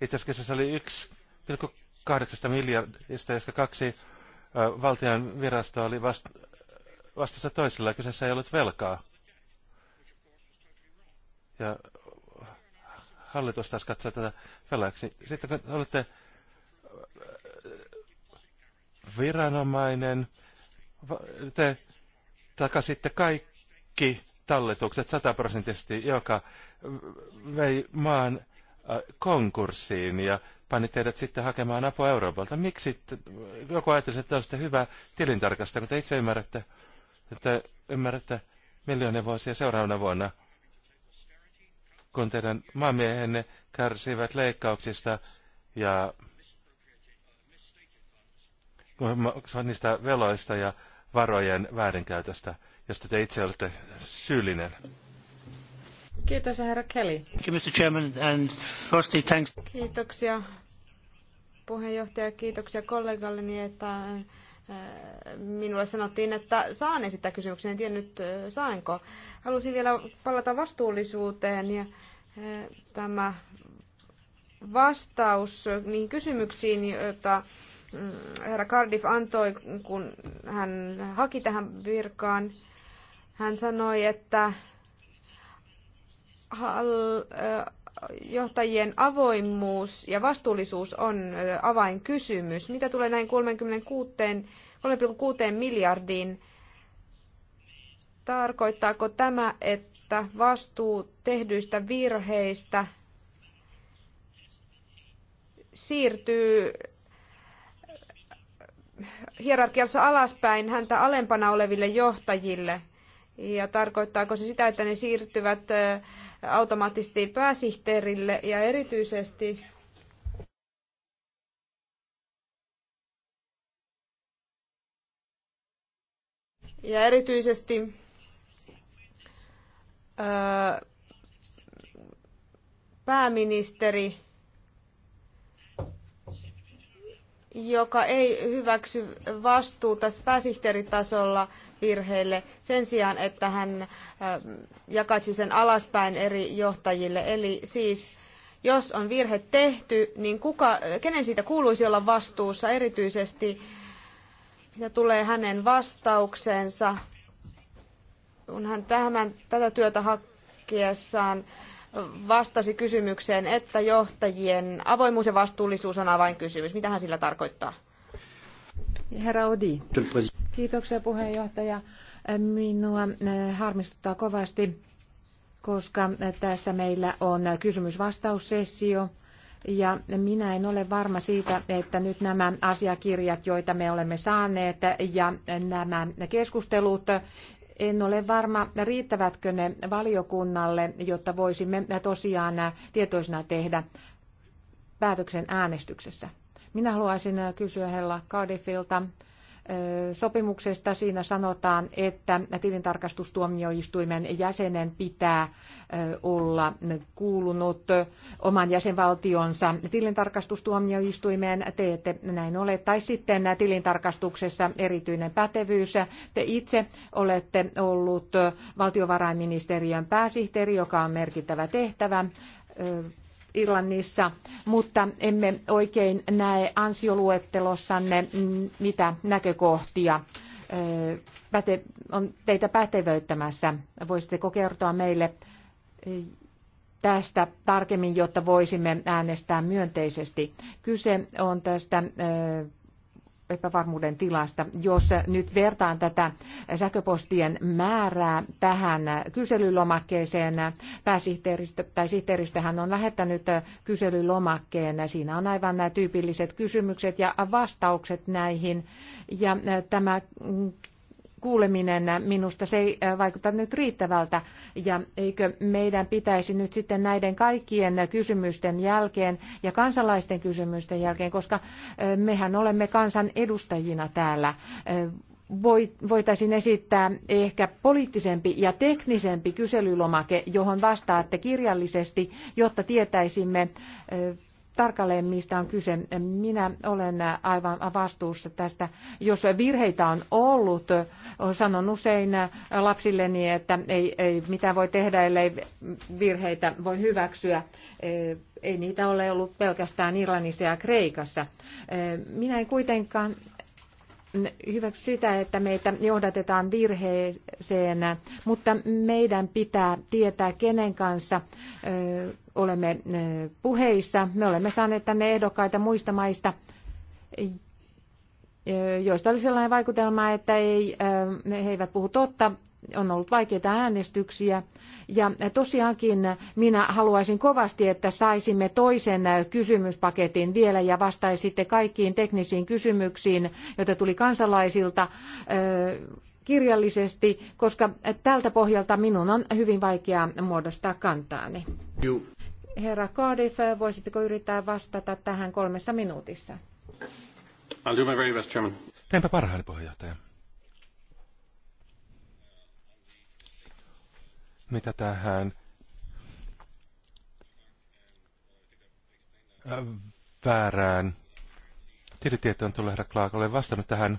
Itse asiassa se oli 1,3 kahdeksasta miljardista, josta kaksi valtion virastoa oli vastassa toisella. Kyseessä ei ollut velkaa. Ja hallitus taas katsoo tätä velaksi. Sitten kun olette viranomainen, te takasitte kaikki talletukset sataprosenttisesti, joka vei maan konkurssiin ja pani teidät sitten hakemaan apua Euroopalta. Miksi joku ajattelisi, että olisitte hyvä tilintarkastaja, mutta itse ymmärrätte, että ymmärrätte miljoonia vuosia seuraavana vuonna, kun teidän maamiehenne kärsivät leikkauksista ja niistä veloista ja varojen väärinkäytöstä, josta te itse olette syyllinen.
Kiitos, herra Kelly.
Mr. Chairman, and firstly, thanks.
Kiitoksia puheenjohtaja, kiitoksia kollegalleni, että äh, minulle sanottiin, että saan esittää kysymyksen, en tiennyt äh, saanko. Halusin vielä palata vastuullisuuteen ja äh, tämä vastaus niihin kysymyksiin, joita herra Cardiff antoi, kun hän haki tähän virkaan. Hän sanoi, että Äh, johtajien avoimuus ja vastuullisuus on äh, avainkysymys. Mitä tulee näin 36, 3,6 miljardiin? Tarkoittaako tämä, että vastuu tehdyistä virheistä siirtyy äh, hierarkiassa alaspäin häntä alempana oleville johtajille? Ja tarkoittaako se sitä, että ne siirtyvät automaattisesti pääsihteerille ja erityisesti ja erityisesti öö, pääministeri, joka ei hyväksy vastuuta pääsihteeritasolla virheille sen sijaan, että hän jakaisi sen alaspäin eri johtajille. Eli siis jos on virhe tehty, niin kuka, kenen siitä kuuluisi olla vastuussa erityisesti ja tulee hänen vastauksensa, kun hän tämän, tätä työtä hakkiessaan vastasi kysymykseen, että johtajien avoimuus ja vastuullisuus on avainkysymys. Mitä hän sillä tarkoittaa?
Herra Odi. Kiitoksia puheenjohtaja. Minua eh, harmistuttaa kovasti, koska eh, tässä meillä on eh, kysymys-vastaussessio. Ja minä en ole varma siitä, että nyt nämä asiakirjat, joita me olemme saaneet ja nämä keskustelut, en ole varma, riittävätkö ne valiokunnalle, jotta voisimme tosiaan tietoisena tehdä päätöksen äänestyksessä. Minä haluaisin äh, kysyä Hella Cardiffilta äh, sopimuksesta. Siinä sanotaan, että tilintarkastustuomioistuimen jäsenen pitää äh, olla kuulunut oman jäsenvaltionsa tilintarkastustuomioistuimeen. Te ette näin ole. Tai sitten tilintarkastuksessa erityinen pätevyys. Te itse olette ollut valtiovarainministeriön pääsihteeri, joka on merkittävä tehtävä Irlannissa, mutta emme oikein näe ansioluettelossanne mm, mitä näkökohtia päte, on teitä pätevöittämässä. Voisitteko kertoa meille tästä tarkemmin, jotta voisimme äänestää myönteisesti. Kyse on tästä epävarmuuden tilasta. Jos nyt vertaan tätä sähköpostien määrää tähän kyselylomakkeeseen, pääsihteeristö tai sihteeristöhän on lähettänyt kyselylomakkeen. Siinä on aivan nämä tyypilliset kysymykset ja vastaukset näihin. Ja tämä kuuleminen, minusta se ei äh, vaikuta nyt riittävältä. Ja eikö meidän pitäisi nyt sitten näiden kaikkien kysymysten jälkeen ja kansalaisten kysymysten jälkeen, koska äh, mehän olemme kansan edustajina täällä, äh, voitaisiin esittää ehkä poliittisempi ja teknisempi kyselylomake, johon vastaatte kirjallisesti, jotta tietäisimme tarkalleen, mistä on kyse. Minä olen aivan vastuussa tästä. Jos virheitä on ollut, sanon usein lapsilleni, että ei, ei mitään voi tehdä, ellei virheitä voi hyväksyä. Ei niitä ole ollut pelkästään Irlannissa ja Kreikassa. Minä en kuitenkaan hyväksy sitä, että meitä johdatetaan virheeseen, mutta meidän pitää tietää, kenen kanssa olemme puheissa. Me olemme saaneet tänne ehdokkaita muista maista, joista oli sellainen vaikutelma, että ei, he eivät puhu totta on ollut vaikeita äänestyksiä. Ja tosiaankin minä haluaisin kovasti, että saisimme toisen kysymyspaketin vielä ja vastaisitte kaikkiin teknisiin kysymyksiin, joita tuli kansalaisilta kirjallisesti, koska tältä pohjalta minun on hyvin vaikea muodostaa kantaani. Herra Cardiff, voisitteko yrittää vastata tähän kolmessa minuutissa?
I'll do my very best, Chairman. Teenpä parhaani puheenjohtaja. mitä tähän äh, väärään tilitietoon tulee herra Clark. Olen vastannut tähän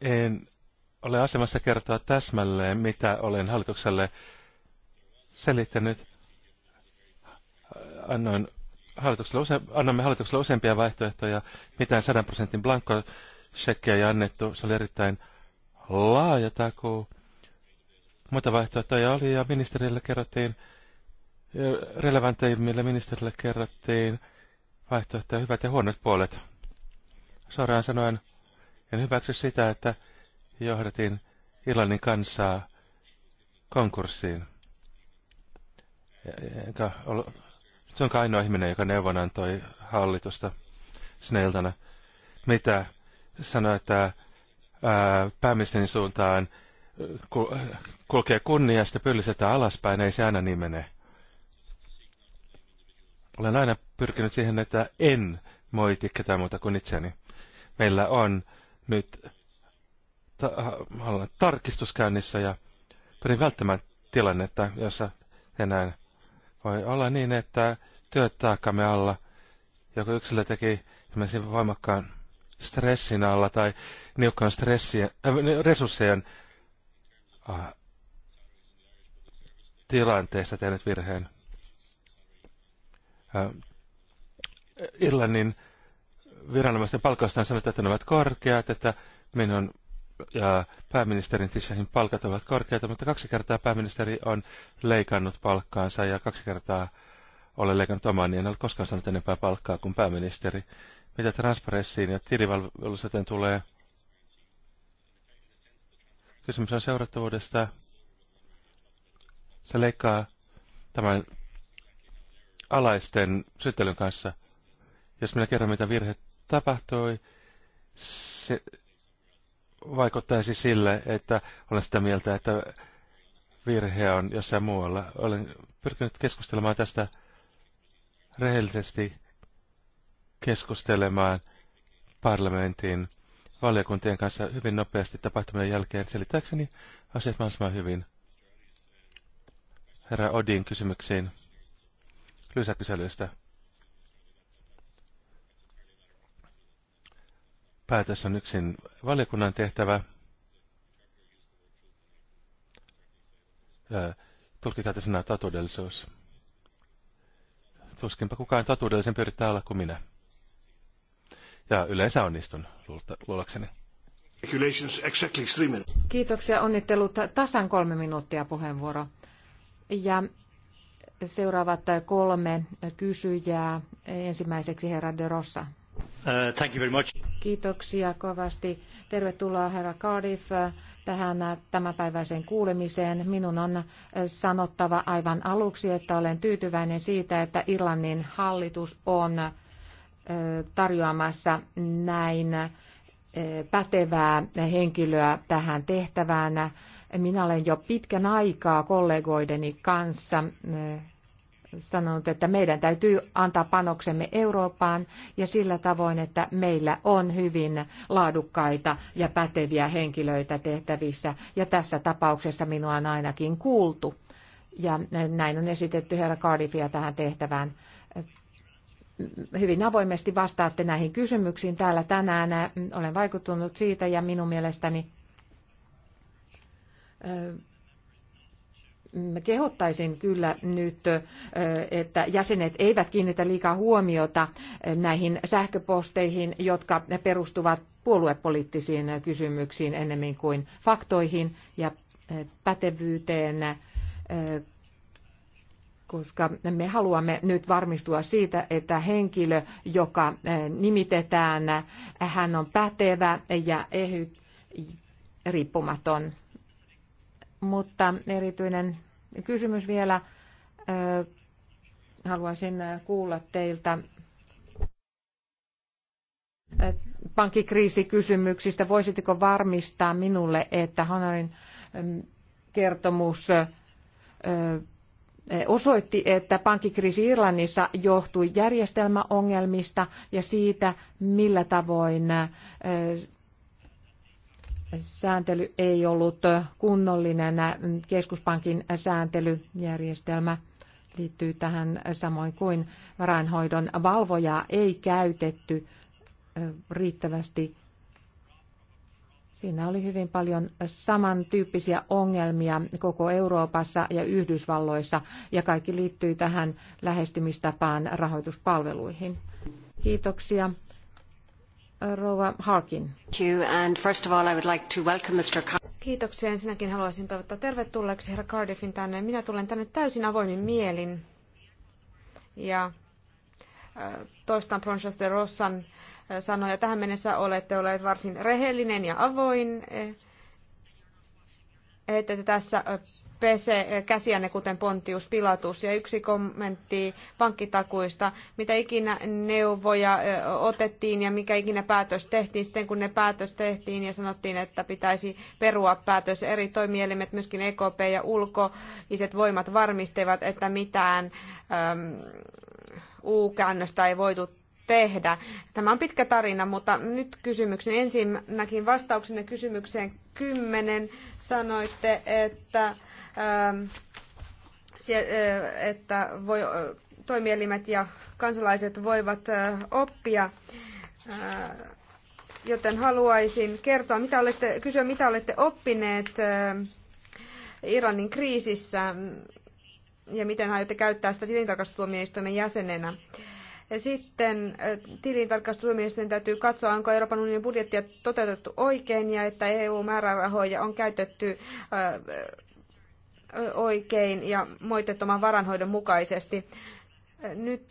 en ole asemassa kertoa täsmälleen, mitä olen hallitukselle selittänyt. Annoin hallitukselle use, annamme hallitukselle useampia vaihtoehtoja. Mitään 100 prosentin blanko ei annettu. Se oli erittäin laaja takuu. Muita vaihtoehtoja oli ja ministerille kerrottiin, relevanteimmille ministerille kerrottiin vaihtoehtoja hyvät ja huonot puolet. Suoraan sanoen, en hyväksy sitä, että johdatin Irlannin kansaa konkurssiin. Enkä ollut se on ainoa ihminen, joka neuvonantoi hallitusta Sneiltana. Mitä sanoi, että pääministerin suuntaan äh, äh, kulkee kunniasta, pyllisetään alaspäin, ei se aina niin mene. Olen aina pyrkinyt siihen, että en moiti ketään muuta kuin itseni. Meillä on nyt ta- äh, tarkistuskäynnissä ja pyrin välttämään tilannetta, jossa enää voi olla niin, että työtaakkamme alla, joku yksilö teki esimerkiksi voimakkaan stressin alla tai niukkaan stressien, äh, resurssien äh, tilanteessa tehnyt virheen. Äh, Irlannin viranomaisten palkoista on sanottu, että ne ovat korkeat, että minun ja pääministerin Tishahin palkat ovat korkeita, mutta kaksi kertaa pääministeri on leikannut palkkaansa ja kaksi kertaa olen leikannut omaa, niin en ole koskaan saanut enempää palkkaa kuin pääministeri. Mitä transparenssiin ja tilivalveluseteen tulee? Kysymys on seurattavuudesta. Se leikkaa tämän alaisten syttelyn kanssa. Jos minä kerron, mitä virhe tapahtui, se, vaikuttaisi sille, että olen sitä mieltä, että virhe on jossain muualla. Olen pyrkinyt keskustelemaan tästä rehellisesti keskustelemaan parlamentin valiokuntien kanssa hyvin nopeasti tapahtumien jälkeen selittääkseni asiat mahdollisimman hyvin. Herra Odin kysymyksiin lisäkyselyistä. Päätös on yksin valiokunnan tehtävä. Tulkikaa te sanaa totuudellisuus. Tuskinpa kukaan totuudellisen yrittää olla kuin minä. Ja yleensä onnistun, luulakseni.
Kiitoksia onnittelut. Tasan kolme minuuttia puheenvuoro. Ja seuraavat kolme kysyjää. Ensimmäiseksi herra De Rossa.
Uh, thank you very much.
Kiitoksia kovasti. Tervetuloa herra Cardiff tähän tämänpäiväiseen kuulemiseen. Minun on sanottava aivan aluksi, että olen tyytyväinen siitä, että Irlannin hallitus on tarjoamassa näin pätevää henkilöä tähän tehtävään. Minä olen jo pitkän aikaa kollegoideni kanssa sanonut, että meidän täytyy antaa panoksemme Eurooppaan ja sillä tavoin, että meillä on hyvin laadukkaita ja päteviä henkilöitä tehtävissä. Ja tässä tapauksessa minua on ainakin kuultu. Ja näin on esitetty herra Cardiffia tähän tehtävään. Hyvin avoimesti vastaatte näihin kysymyksiin täällä tänään. Olen vaikuttunut siitä ja minun mielestäni kehottaisin kyllä nyt, että jäsenet eivät kiinnitä liikaa huomiota näihin sähköposteihin, jotka perustuvat puoluepoliittisiin kysymyksiin ennemmin kuin faktoihin ja pätevyyteen, koska me haluamme nyt varmistua siitä, että henkilö, joka nimitetään, hän on pätevä ja ehy, riippumaton mutta erityinen kysymys vielä. Haluaisin kuulla teiltä pankkikriisikysymyksistä. Voisitteko varmistaa minulle, että Hanarin kertomus osoitti, että pankkikriisi Irlannissa johtui järjestelmäongelmista ja siitä, millä tavoin sääntely ei ollut kunnollinen. Keskuspankin sääntelyjärjestelmä liittyy tähän samoin kuin varainhoidon valvojaa ei käytetty riittävästi. Siinä oli hyvin paljon samantyyppisiä ongelmia koko Euroopassa ja Yhdysvalloissa, ja kaikki liittyy tähän lähestymistapaan rahoituspalveluihin. Kiitoksia. Rouva Harkin.
Kiitoksia. Ensinnäkin haluaisin toivottaa tervetulleeksi herra Cardiffin tänne. Minä tulen tänne täysin avoimin mielin. Ja äh, toistan Pronsas de Rossan äh, sanoja. Tähän mennessä olette olleet varsin rehellinen ja avoin. Eh, te tässä äh, pese käsiänne kuten Pontius Pilatus. Ja yksi kommentti pankkitakuista, mitä ikinä neuvoja otettiin ja mikä ikinä päätös tehtiin. Sitten kun ne päätös tehtiin ja sanottiin, että pitäisi perua päätös, eri toimielimet, myöskin EKP ja ulkoiset voimat varmistivat, että mitään äm, U-käännöstä ei voitu tehdä. Tämä on pitkä tarina, mutta nyt kysymyksen ensinnäkin vastauksenne kysymykseen 10 sanoitte, että, ähm, äh, että voi, toimielimet ja kansalaiset voivat oppia äh, joten haluaisin kertoa, mitä olette, kysyä, mitä olette oppineet Iranin kriisissä ja miten aiotte käyttää sitä tilintarkastustuomioistuimen jäsenenä. Sitten äh, tilintarkastustuomioistuin täytyy katsoa, onko Euroopan unionin budjettia toteutettu oikein ja että EU-määrärahoja on käytetty äh, äh, oikein ja moitettoman varanhoidon mukaisesti. Nyt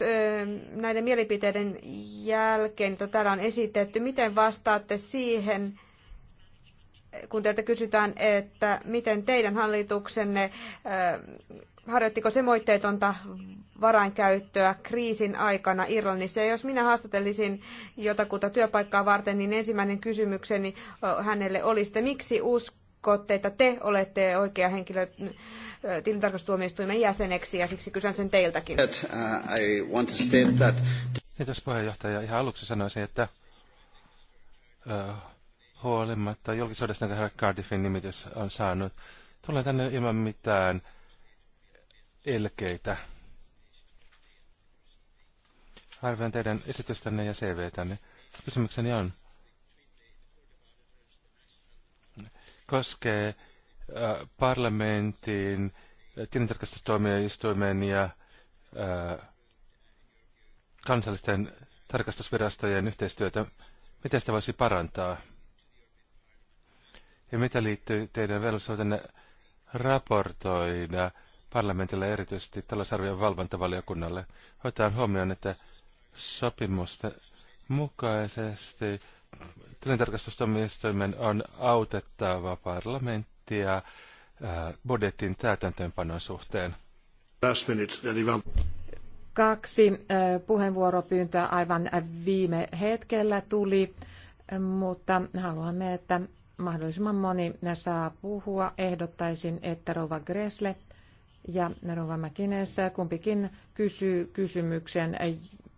näiden mielipiteiden jälkeen, mitä täällä on esitetty, miten vastaatte siihen, kun teiltä kysytään, että miten teidän hallituksenne harjoittiko se moitteetonta varainkäyttöä kriisin aikana Irlannissa. Ja jos minä haastatellisin jotakuta työpaikkaa varten, niin ensimmäinen kysymykseni hänelle olisi, että miksi uskotte, että te olette oikea henkilö tilintarkastustuomioistuimen jäseneksi, ja siksi kysyn sen teiltäkin. Uh,
Kiitos
puheenjohtaja. Ihan aluksi sanoisin, että uh, huolimatta julkisuudesta, jonka Cardiffin nimitys on saanut, tulen tänne ilman mitään elkeitä. Arvioin teidän esitystänne ja CV-tänne. Kysymykseni on, koskee parlamentin, tilintarkastustoimioistuimen ja kansallisten tarkastusvirastojen yhteistyötä. Miten sitä voisi parantaa? Ja mitä liittyy teidän velvollisuutenne raportoida parlamentille, erityisesti talousarvion valvontavaliokunnalle. Otetaan huomioon, että sopimusten mukaisesti tilintarkastustuomioistuimen on autettava parlamenttia äh, budjetin täytäntöönpanon suhteen.
Kaksi äh, puheenvuoropyyntöä aivan viime hetkellä tuli, äh, mutta haluamme, että mahdollisimman moni saa puhua. Ehdottaisin, että Rova Gresle ja Rova Mäkines kumpikin kysyy kysymyksen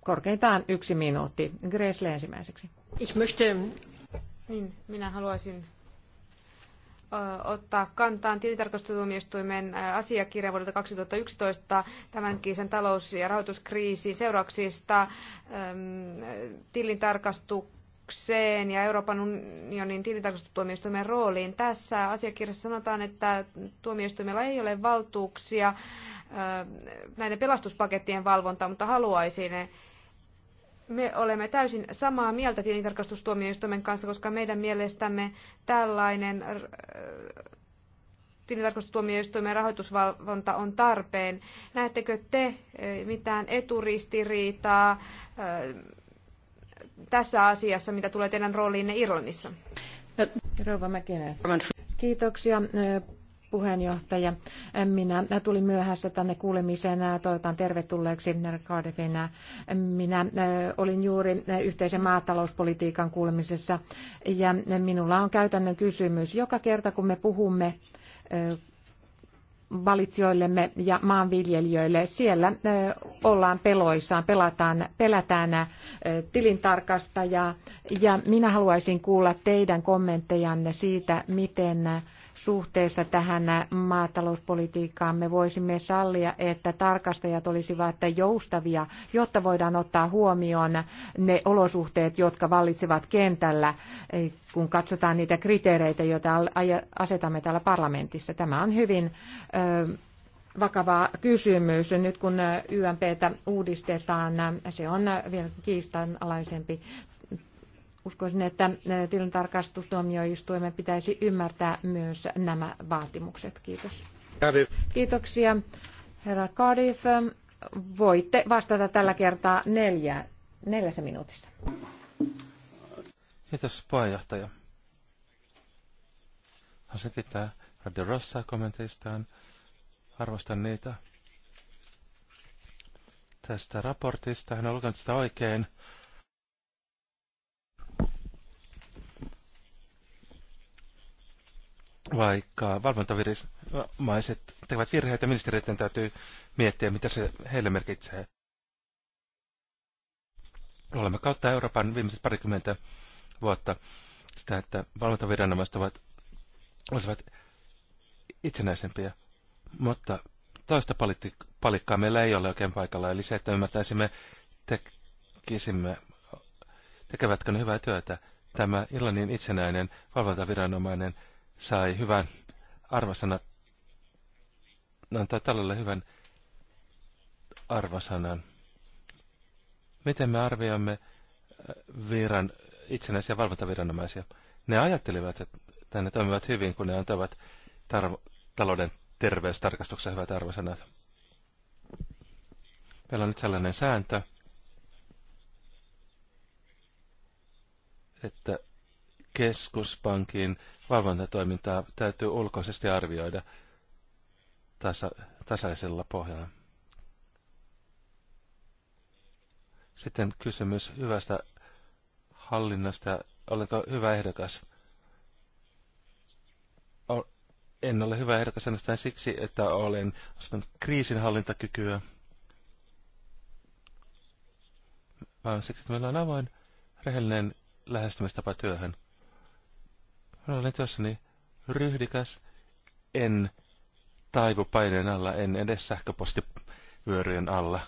korkeintaan yksi minuutti. Gresle ensimmäiseksi.
Ich möchte... niin, minä haluaisin ottaa kantaan tilintarkastustuomioistuimen asiakirja vuodelta 2011 tämän kiisen talous- ja rahoituskriisin seurauksista tilintarkastuksen Verotukseen ja Euroopan unionin tilintarkastustuomioistuimen rooliin. Tässä asiakirjassa sanotaan, että tuomioistuimella ei ole valtuuksia näiden pelastuspakettien valvontaan, mutta haluaisin ne me olemme täysin samaa mieltä tilintarkastustuomioistuimen kanssa, koska meidän mielestämme tällainen tilintarkastustuomioistuimen rahoitusvalvonta on tarpeen. Näettekö te mitään eturistiriitaa tässä asiassa, mitä tulee teidän rooliinne Irlannissa? Rouva
Mäkinen. Kiitoksia puheenjohtaja. Minä tulin myöhässä tänne kuulemiseen. Toivotan tervetulleeksi Cardiffin. Minä olin juuri yhteisen maatalouspolitiikan kuulemisessa ja minulla on käytännön kysymys. Joka kerta kun me puhumme valitsijoillemme ja maanviljelijöille. Siellä ollaan peloissaan, pelataan, pelätään tilintarkastajaa ja minä haluaisin kuulla teidän kommenttejanne siitä, miten suhteessa tähän maatalouspolitiikkaan me voisimme sallia, että tarkastajat olisivat joustavia, jotta voidaan ottaa huomioon ne olosuhteet, jotka vallitsevat kentällä, kun katsotaan niitä kriteereitä, joita asetamme täällä parlamentissa. Tämä on hyvin vakava kysymys. Nyt kun YMPtä uudistetaan, se on vielä kiistanalaisempi uskoisin, että tilintarkastustuomioistuimen pitäisi ymmärtää myös nämä vaatimukset. Kiitos. Kiitoksia. Herra Cardiff, voitte vastata tällä kertaa neljä, neljässä minuutissa.
Kiitos puheenjohtaja. Haluaisin kiittää Radio kommenteistaan. Arvostan niitä. Tästä raportista, hän on lukenut sitä oikein. vaikka valvontaviranomaiset tekevät virheitä, ministeriöiden täytyy miettiä, mitä se heille merkitsee. Olemme kautta Euroopan viimeiset parikymmentä vuotta sitä, että valvontaviranomaiset ovat, olisivat itsenäisempiä, mutta toista palikkaa meillä ei ole oikein paikalla, eli se, että ymmärtäisimme, tekisimme, tekevätkö ne hyvää työtä. Tämä Irlannin itsenäinen valvontaviranomainen sai hyvän arvosanan, no, antaa talolle hyvän arvosanan. Miten me arvioimme äh, viran itsenäisiä valvontaviranomaisia? Ne ajattelivat, että ne toimivat hyvin, kun ne antavat tar- talouden terveystarkastuksen hyvät arvosanat. Meillä on nyt sellainen sääntö, että keskuspankin valvontatoimintaa täytyy ulkoisesti arvioida tasa, tasaisella pohjalla. Sitten kysymys hyvästä hallinnasta. Oletko hyvä ehdokas? En ole hyvä ehdokas ainoastaan siksi, että olen ostanut kriisinhallintakykyä, vaan siksi, että meillä on avoin, rehellinen lähestymistapa työhön olen työssäni niin ryhdikäs, en taivu paineen alla, en edes sähköpostivyöryjen alla.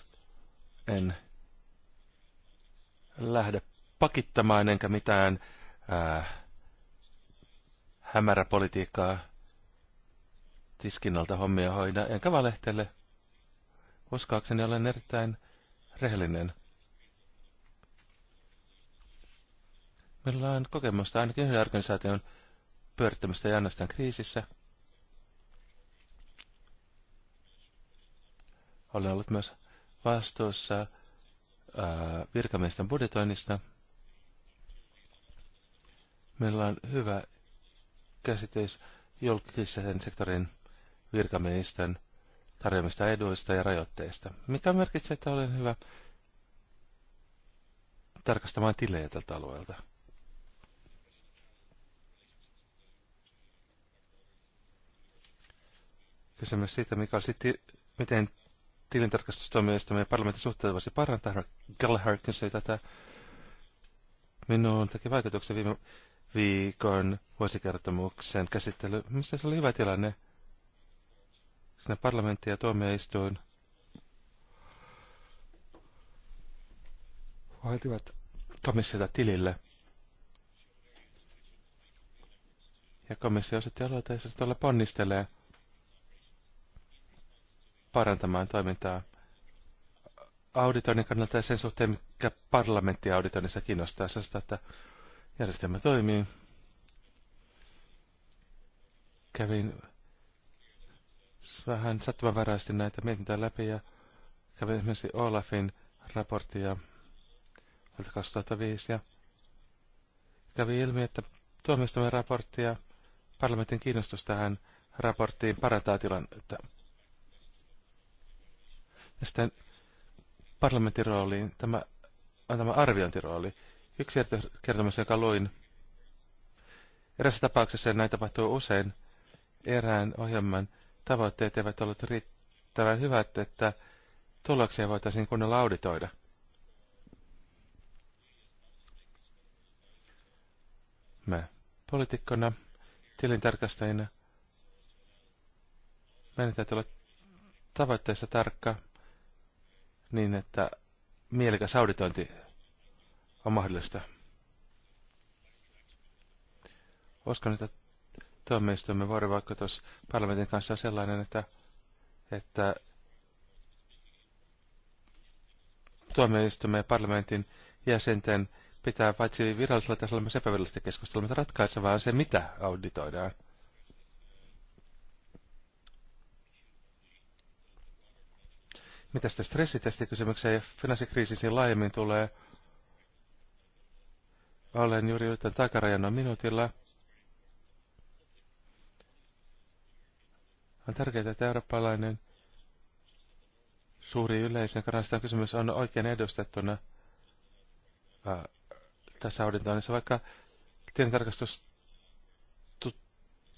En lähde pakittamaan enkä mitään ää, äh, hämäräpolitiikkaa tiskinnalta hommia hoida, enkä valehtele. Uskaakseni olen erittäin rehellinen. Meillä on kokemusta ainakin yhden organisaation pyörittämistä ei ainoastaan kriisissä. Olen ollut myös vastuussa virkamiesten budjetoinnista. Meillä on hyvä käsitys julkisen sektorin virkamiesten tarjoamista eduista ja rajoitteista, mikä merkitsee, että olen hyvä tarkastamaan tilejä tältä alueelta. kysymys siitä, mikä olisi ti- miten tilintarkastustoimijoista ja parlamentin suhteen voisi parantaa. Gallagher kysyi tätä. minun teki vaikutuksen viime viikon vuosikertomuksen käsittely. Missä se oli hyvä tilanne? Sinä parlamentti ja tuomioistuin vaativat komissiota tilille. Ja komissio osoitti aloitteessa, että olla ponnistelee – parantamaan toimintaa auditoinnin kannalta ja sen suhteen, mikä parlamentti auditoinnissa kiinnostaa. Se sitä, että järjestelmä toimii. Kävin vähän sattumanvaraisesti näitä mietintöjä läpi ja kävin esimerkiksi Olafin raporttia vuodelta 2005 ja kävi ilmi, että tuomioistuimen raporttia parlamentin kiinnostus tähän raporttiin parantaa tilannetta. Ja sitten parlamentin rooliin tämä, on tämä arviointirooli. Yksi kertomus, joka luin, erässä tapauksessa näin tapahtuu usein, erään ohjelman tavoitteet eivät olleet riittävän hyvät, että tuloksia voitaisiin kunnolla auditoida. Me poliitikkona, tilintarkastajina, meidän täytyy olla tavoitteessa tarkka niin, että mielekäs auditointi on mahdollista. Uskon, että vaikka tuossa parlamentin kanssa on sellainen, että, että tuomioistuimen ja parlamentin jäsenten pitää paitsi virallisella tasolla myös epävirallisesti keskustelua, mutta ratkaisevaa on se, mitä auditoidaan. Mitä sitten stressitestikysymykseen ja finanssikriisiin laajemmin tulee? Olen juuri yrittänyt takarajana minuutilla. On tärkeää, että eurooppalainen suuri yleisön kannalta kysymys on oikein edustettuna ää, tässä auditoinnissa, vaikka tilintarkastus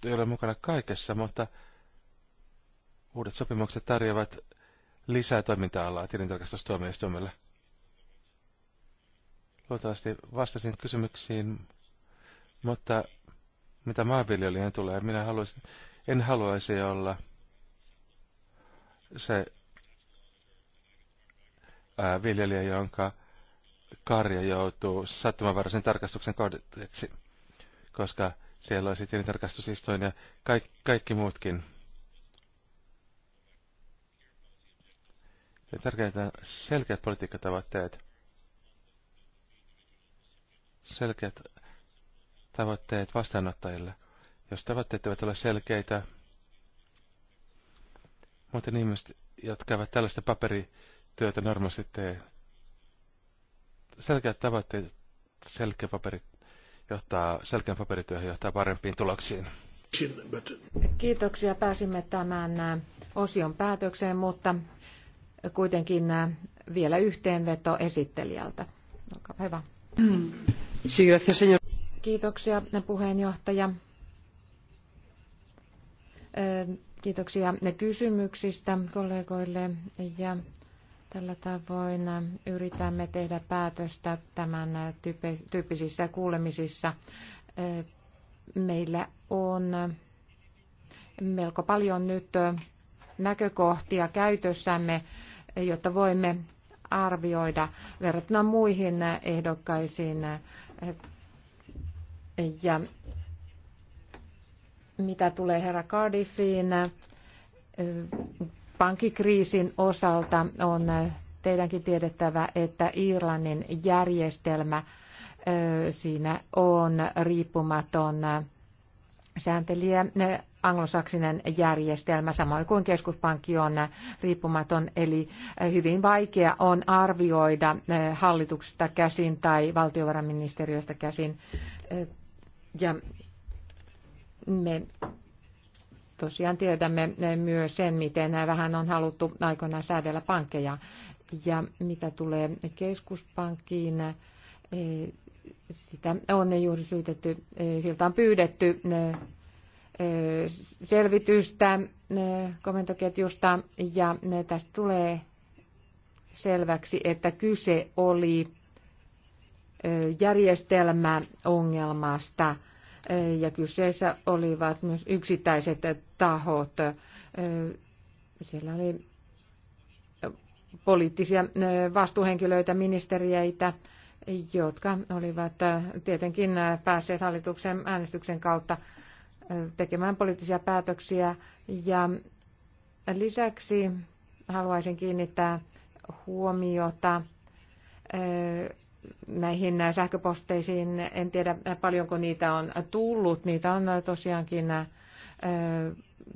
ei ole mukana kaikessa, mutta uudet sopimukset tarjoavat lisää toiminta-alaa tilintarkastustuomioistuimelle. Luultavasti vastasin kysymyksiin, mutta mitä maanviljelijän tulee, minä haluaisin, en haluaisi olla se ää, viljelijä, jonka karja joutuu sattumanvaraisen tarkastuksen kohdeksi, koska siellä olisi tilintarkastusistuin ja kaikki, kaikki muutkin Ja tärkeintä selkeät politiikkatavoitteet. Selkeät tavoitteet vastaanottajille. Jos tavoitteet eivät ole selkeitä, mutta ihmiset, jotka eivät tällaista paperityötä normaalisti tee, selkeät tavoitteet, selkeä paperi johtaa, selkeän paperityöhön johtaa parempiin tuloksiin.
Kiitoksia. Pääsimme tämän osion päätökseen, mutta kuitenkin äh, vielä yhteenveto esittelijältä. Olkaa hyvä. Kiitoksia puheenjohtaja. Kiitoksia kysymyksistä kollegoille ja tällä tavoin yritämme tehdä päätöstä tämän tyyppisissä kuulemisissa. Meillä on melko paljon nyt näkökohtia käytössämme jotta voimme arvioida verrattuna muihin ehdokkaisiin ja mitä tulee herra Cardiffiin, pankkikriisin osalta on teidänkin tiedettävä, että Irlannin järjestelmä siinä on riippumaton sääntelijä anglosaksinen järjestelmä, samoin kuin keskuspankki on riippumaton, eli eh, hyvin vaikea on arvioida eh, hallituksesta käsin tai valtiovarainministeriöstä käsin. Eh, ja me tosiaan tiedämme myös sen, miten vähän on haluttu aikoinaan säädellä pankkeja. Ja mitä tulee keskuspankkiin, sitä on juuri syytetty, siltä on pyydetty selvitystä komentoketjusta ja tästä tulee selväksi, että kyse oli järjestelmäongelmasta ja kyseessä olivat myös yksittäiset tahot. Siellä oli poliittisia vastuuhenkilöitä, ministeriöitä, jotka olivat tietenkin päässeet hallituksen äänestyksen kautta tekemään poliittisia päätöksiä. Ja lisäksi haluaisin kiinnittää huomiota näihin sähköposteisiin. En tiedä paljonko niitä on tullut. Niitä on tosiaankin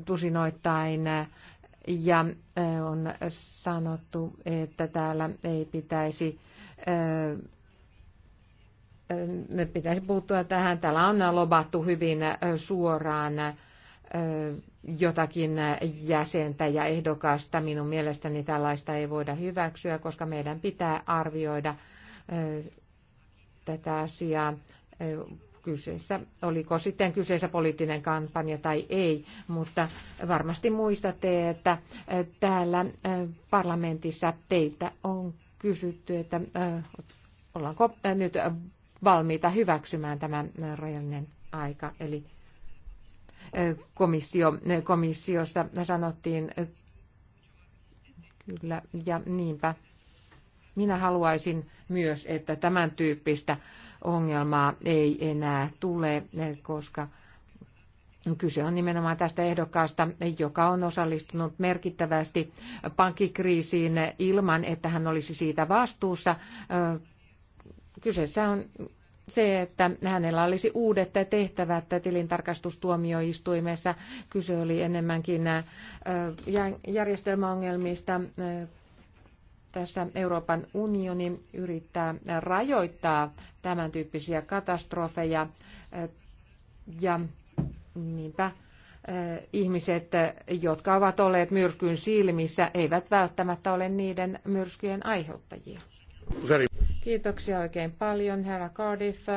tusinoittain. Ja on sanottu, että täällä ei pitäisi me pitäisi puuttua tähän. Täällä on lobattu hyvin suoraan jotakin jäsentä ja ehdokasta. Minun mielestäni tällaista ei voida hyväksyä, koska meidän pitää arvioida tätä asiaa kyseessä, oliko sitten kyseessä poliittinen kampanja tai ei, mutta varmasti muistatte, että täällä parlamentissa teitä on kysytty, että ollaanko nyt valmiita hyväksymään tämä rajallinen aika. Eli komissio, komissiosta sanottiin kyllä ja niinpä. Minä haluaisin myös, että tämän tyyppistä ongelmaa ei enää tule, koska Kyse on nimenomaan tästä ehdokkaasta, joka on osallistunut merkittävästi pankkikriisiin ilman, että hän olisi siitä vastuussa. Kyseessä on se, että hänellä olisi uudet tehtävät tilintarkastustuomioistuimessa. Kyse oli enemmänkin järjestelmäongelmista. Tässä Euroopan unioni yrittää rajoittaa tämän tyyppisiä katastrofeja ja niinpä ihmiset, jotka ovat olleet myrskyn silmissä, eivät välttämättä ole niiden myrskyjen aiheuttajia. Kiitoksia oikein paljon, herra Cardiff.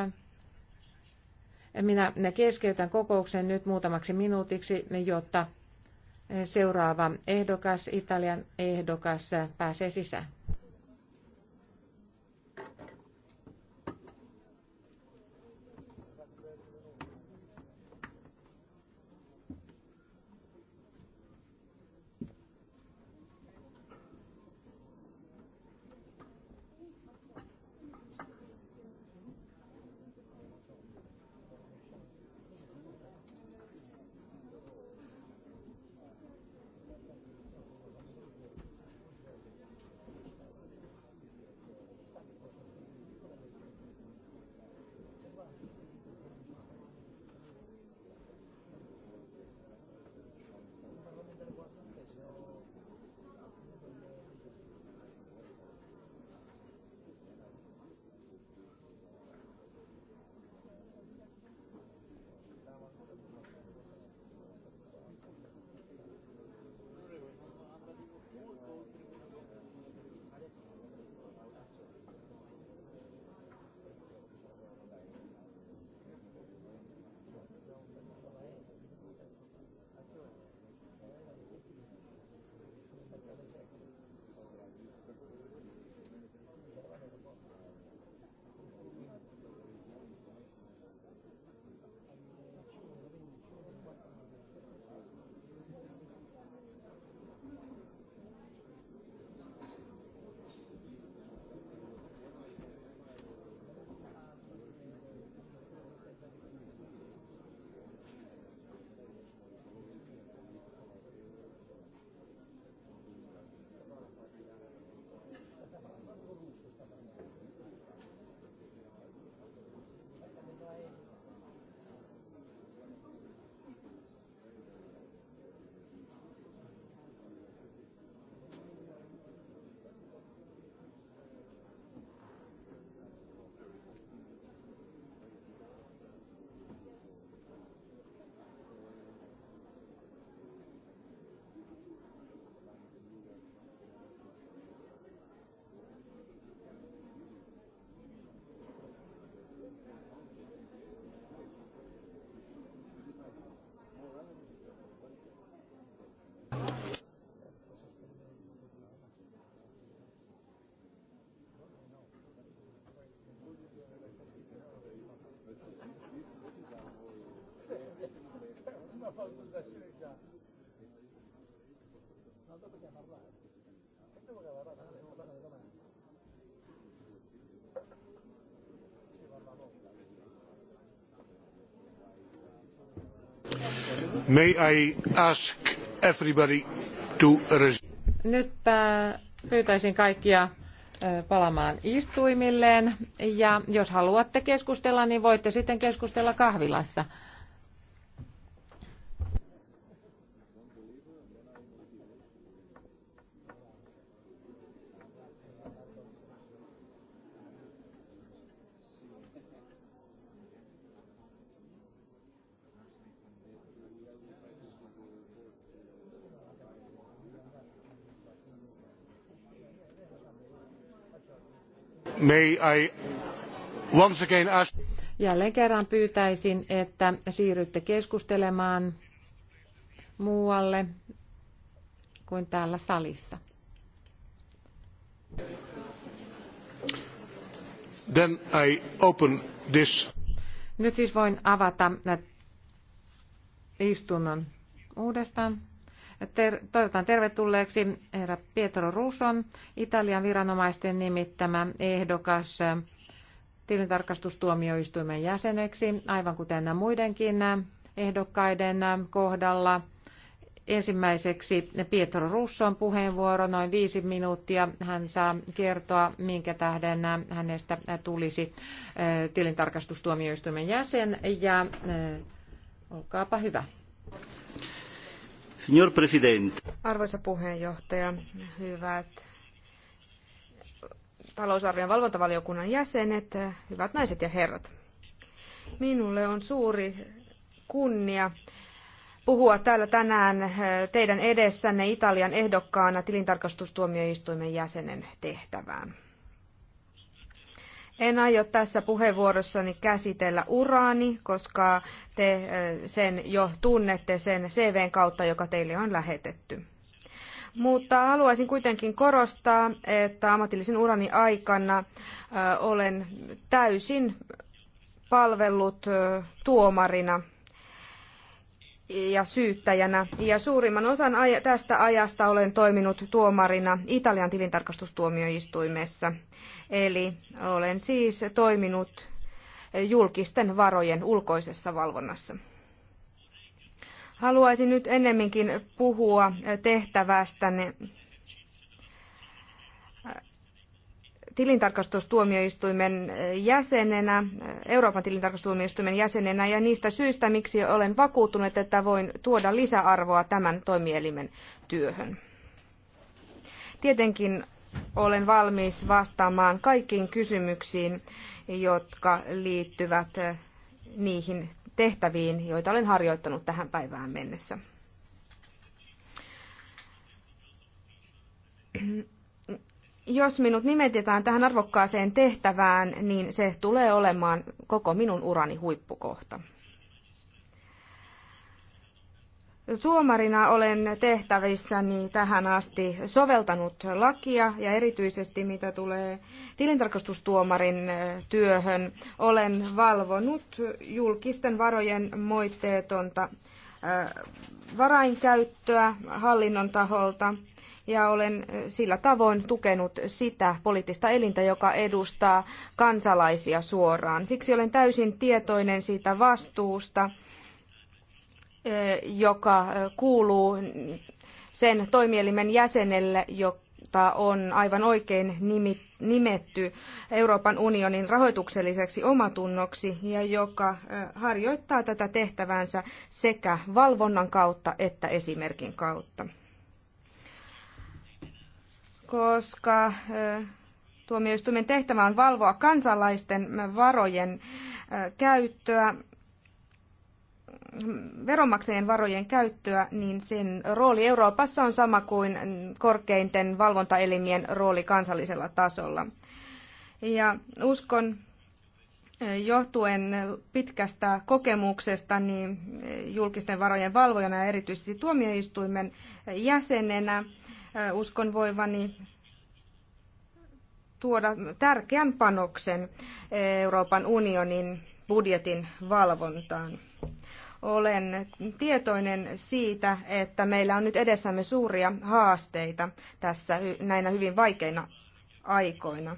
Minä keskeytän kokouksen nyt muutamaksi minuutiksi, jotta seuraava ehdokas, Italian ehdokas, pääsee sisään.
May I ask everybody to
Nyt pyytäisin kaikkia palamaan istuimilleen ja jos haluatte keskustella, niin voitte sitten keskustella kahvilassa. Jälleen kerran pyytäisin, että siirrytte keskustelemaan muualle kuin täällä salissa.
Then I open this.
Nyt siis voin avata istunnon uudestaan ter- toivotan tervetulleeksi herra Pietro Ruson, Italian viranomaisten nimittämä ehdokas äh, tilintarkastustuomioistuimen jäseneksi, aivan kuten muidenkin äh, ehdokkaiden äh, kohdalla. Ensimmäiseksi Pietro Russon puheenvuoro, noin viisi minuuttia. Hän saa kertoa, minkä tähden hänestä tulisi tilintarkastustuomioistuimen jäsen. Ja olkaapa hyvä.
Signor Presidente.
Arvoisa puheenjohtaja,
hyvät talousarvion valvontavaliokunnan jäsenet, hyvät naiset ja herrat. Minulle on suuri kunnia puhua täällä tänään teidän edessänne Italian ehdokkaana tilintarkastustuomioistuimen jäsenen tehtävään. En aio tässä puheenvuorossani käsitellä uraani, koska te sen jo tunnette sen CVn kautta, joka teille on lähetetty. Mutta haluaisin kuitenkin korostaa, että ammatillisen urani aikana olen täysin palvellut tuomarina – ja syyttäjänä. Ja suurimman osan tästä ajasta olen toiminut tuomarina Italian tilintarkastustuomioistuimessa. Eli olen siis toiminut julkisten varojen ulkoisessa valvonnassa. Haluaisin nyt ennemminkin puhua tehtävästäni tilintarkastustuomioistuimen jäsenenä, Euroopan tilintarkastustuomioistuimen jäsenenä ja niistä syistä, miksi olen vakuuttunut, että voin tuoda lisäarvoa tämän toimielimen työhön. Tietenkin olen valmis vastaamaan kaikkiin kysymyksiin, jotka liittyvät niihin tehtäviin, joita olen harjoittanut tähän päivään mennessä jos minut nimetetään tähän arvokkaaseen tehtävään, niin se tulee olemaan koko minun urani huippukohta. Tuomarina olen tehtävissäni tähän asti soveltanut lakia ja erityisesti mitä tulee tilintarkastustuomarin eh, työhön, olen valvonut julkisten varojen moitteetonta eh, varainkäyttöä hallinnon taholta – ja olen sillä tavoin tukenut sitä poliittista elintä, joka edustaa kansalaisia suoraan. Siksi olen täysin tietoinen siitä vastuusta, joka kuuluu sen toimielimen jäsenelle, jota on aivan oikein nimetty Euroopan unionin rahoitukselliseksi omatunnoksi ja joka harjoittaa tätä tehtävänsä sekä valvonnan kautta että esimerkin kautta koska tuomioistuimen tehtävä on valvoa kansalaisten varojen käyttöä, veronmaksajien varojen käyttöä, niin sen rooli Euroopassa on sama kuin korkeinten valvontaelimien rooli kansallisella tasolla. Ja uskon, johtuen pitkästä kokemuksesta niin julkisten varojen valvojana ja erityisesti tuomioistuimen jäsenenä, uskon voivani tuoda tärkeän panoksen Euroopan unionin budjetin valvontaan. Olen tietoinen siitä, että meillä on nyt edessämme suuria haasteita tässä näinä hyvin vaikeina aikoina.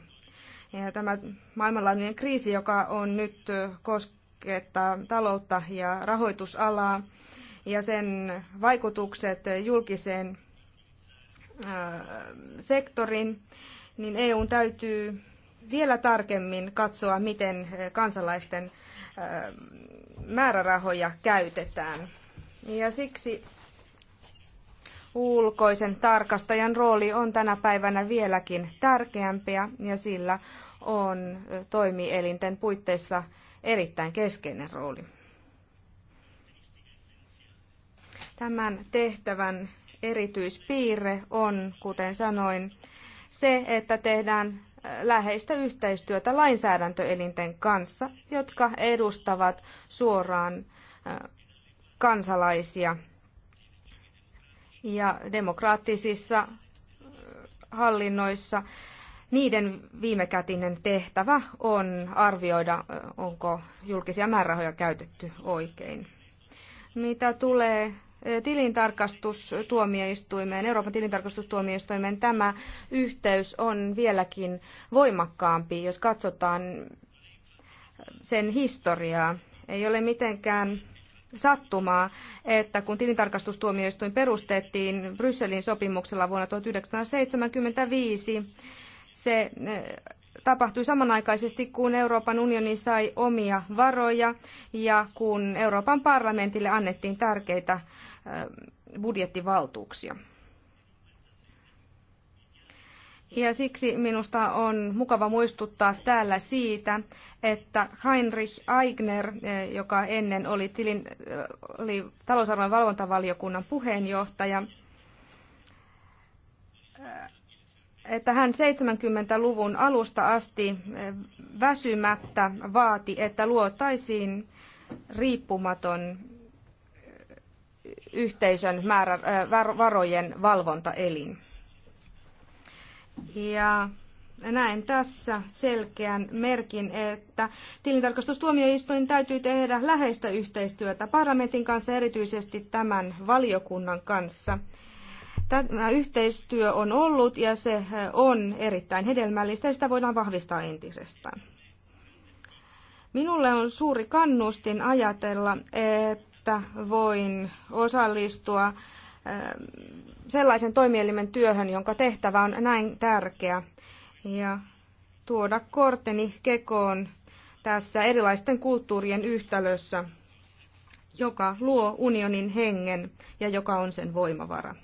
Ja tämä maailmanlaajuinen kriisi, joka on nyt koskettaa taloutta ja rahoitusalaa ja sen vaikutukset julkiseen Äh, sektorin, niin EUn täytyy vielä tarkemmin katsoa, miten äh, kansalaisten äh, määrärahoja käytetään. Ja siksi ulkoisen tarkastajan rooli on tänä päivänä vieläkin tärkeämpi ja sillä on toimielinten puitteissa erittäin keskeinen rooli. Tämän tehtävän erityispiirre on, kuten sanoin, se, että tehdään äh, läheistä yhteistyötä lainsäädäntöelinten kanssa, jotka edustavat suoraan äh, kansalaisia. Ja demokraattisissa äh, hallinnoissa niiden viimekätinen tehtävä on arvioida, onko julkisia määrärahoja käytetty oikein. Mitä tulee tilintarkastustuomioistuimeen, Euroopan tilintarkastustuomioistuimeen tämä yhteys on vieläkin voimakkaampi, jos katsotaan sen historiaa. Ei ole mitenkään sattumaa, että kun tilintarkastustuomioistuin perustettiin Brysselin sopimuksella vuonna 1975, se eh, tapahtui samanaikaisesti, kun Euroopan unioni sai omia varoja ja kun Euroopan parlamentille annettiin tärkeitä Ähm, budjettivaltuuksia. Ja siksi minusta on mukava muistuttaa täällä siitä, että Heinrich Aigner, äh, joka ennen oli, tilin, äh, oli talousarvon valvontavaliokunnan puheenjohtaja, äh, että hän 70-luvun alusta asti väsymättä vaati, että luotaisiin riippumaton yhteisön määrä, varojen valvontaelin. Ja näen tässä selkeän merkin, että tilintarkastustuomioistuin täytyy tehdä läheistä yhteistyötä parlamentin kanssa, erityisesti tämän valiokunnan kanssa. Tämä yhteistyö on ollut ja se on erittäin hedelmällistä ja sitä voidaan vahvistaa entisestään. Minulle on suuri kannustin ajatella, että että voin osallistua ähm, sellaisen toimielimen työhön, jonka tehtävä on näin tärkeä, ja tuoda korteni kekoon tässä erilaisten kulttuurien yhtälössä, joka luo unionin hengen ja joka on sen voimavara.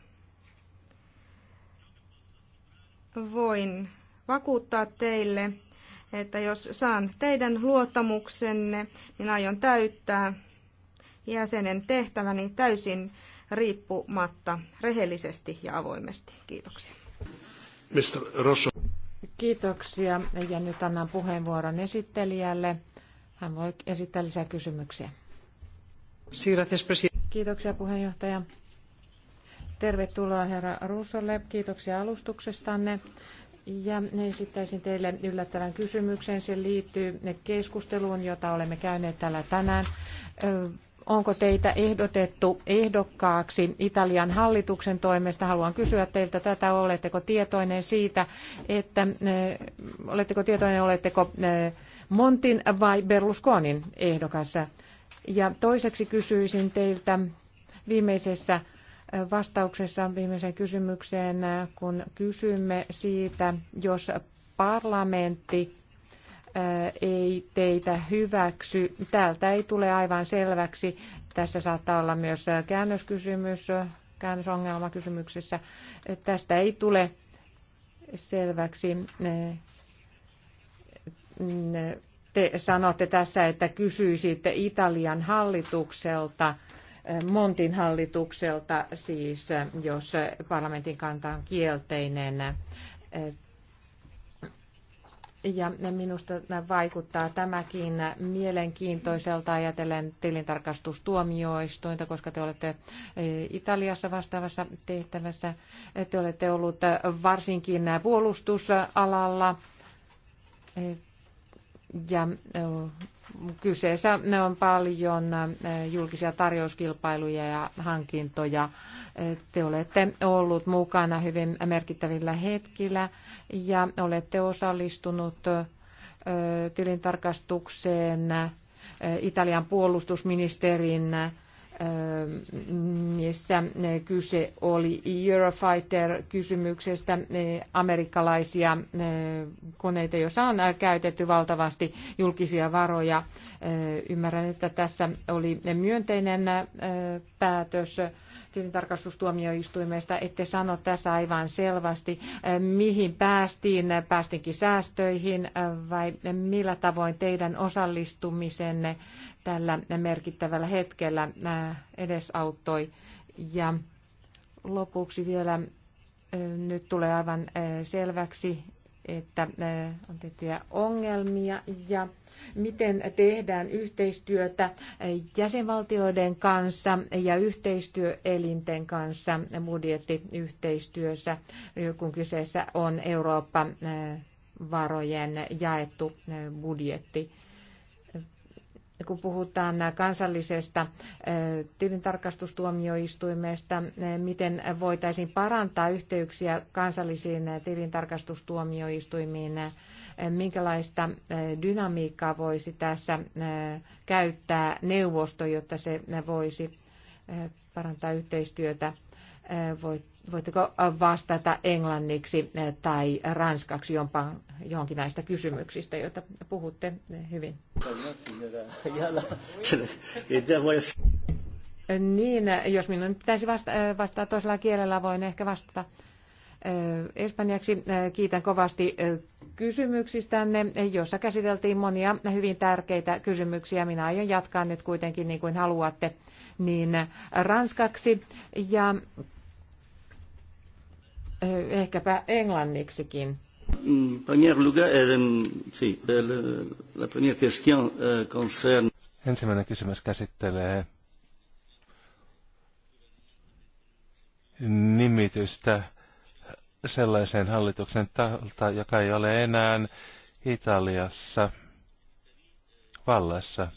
Voin vakuuttaa teille, että jos saan teidän luottamuksenne, niin aion täyttää jäsenen tehtäväni
täysin riippumatta rehellisesti ja avoimesti. Kiitoksia.
Mr. Rosso.
Kiitoksia. Ja nyt annan puheenvuoron esittelijälle. Hän voi esittää lisää kysymyksiä. Kiitoksia puheenjohtaja. Tervetuloa herra Russolle. Kiitoksia alustuksestanne. Ja esittäisin teille yllättävän kysymyksen. Se liittyy keskusteluun, jota olemme käyneet täällä tänään onko teitä ehdotettu ehdokkaaksi Italian hallituksen toimesta? Haluan kysyä teiltä tätä, oletteko tietoinen siitä, että eh, oletteko tietoinen, oletteko eh, Montin vai Berlusconin ehdokassa? Ja toiseksi kysyisin teiltä viimeisessä eh, vastauksessa viimeiseen kysymykseen, kun kysymme siitä, jos parlamentti ei teitä hyväksy. Täältä ei tule aivan selväksi. Tässä saattaa olla myös käännöskysymys, käännösongelma kysymyksessä. Tästä ei tule selväksi. Te sanotte tässä, että kysyisitte Italian hallitukselta, Montin hallitukselta siis, jos parlamentin kanta on kielteinen ja minusta vaikuttaa tämäkin mielenkiintoiselta ajatellen tilintarkastustuomioistuinta, koska te olette e, Italiassa vastaavassa tehtävässä. Te olette ollut varsinkin puolustusalalla e, ja e, Kyseessä ne on paljon eh, julkisia tarjouskilpailuja ja hankintoja. Eh, te olette ollut mukana hyvin merkittävillä hetkillä ja olette osallistunut eh, tilintarkastukseen Italian puolustusministerin missä kyse oli Eurofighter-kysymyksestä amerikkalaisia koneita, joissa on käytetty valtavasti julkisia varoja. Ymmärrän, että tässä oli myönteinen päätös tilintarkastustuomioistuimesta, ette sano tässä aivan selvästi, eh, mihin päästiin, eh, päästinkin säästöihin eh, vai millä tavoin teidän osallistumisenne tällä merkittävällä hetkellä edesauttoi. Ja lopuksi vielä nyt tulee aivan selväksi, että äh, on tiettyjä ongelmia ja miten tehdään yhteistyötä äh, jäsenvaltioiden kanssa ja yhteistyöelinten kanssa budjettiyhteistyössä, kun kyseessä on Eurooppa äh, varojen jaettu budjetti kun puhutaan kansallisesta tilintarkastustuomioistuimesta, miten voitaisiin parantaa yhteyksiä kansallisiin tilintarkastustuomioistuimiin, minkälaista dynamiikkaa voisi tässä käyttää neuvosto, jotta se voisi parantaa yhteistyötä. Voit Voitteko äh, vastata englanniksi äh, tai ranskaksi jompaan, johonkin näistä kysymyksistä, joita puhutte äh, hyvin? Niin, jos minun pitäisi vastata, vastata toisella kielellä, voin ehkä vastata espanjaksi. Kiitän kovasti kysymyksistänne, jossa käsiteltiin monia hyvin tärkeitä kysymyksiä. Minä aion jatkaa nyt kuitenkin niin kuin haluatte, niin ranskaksi. Ja Eh, ehkäpä englanniksikin.
Mm, eh, eh,
Ensimmäinen kysymys käsittelee nimitystä sellaiseen hallituksen taholta, joka ei ole enää Italiassa vallassa.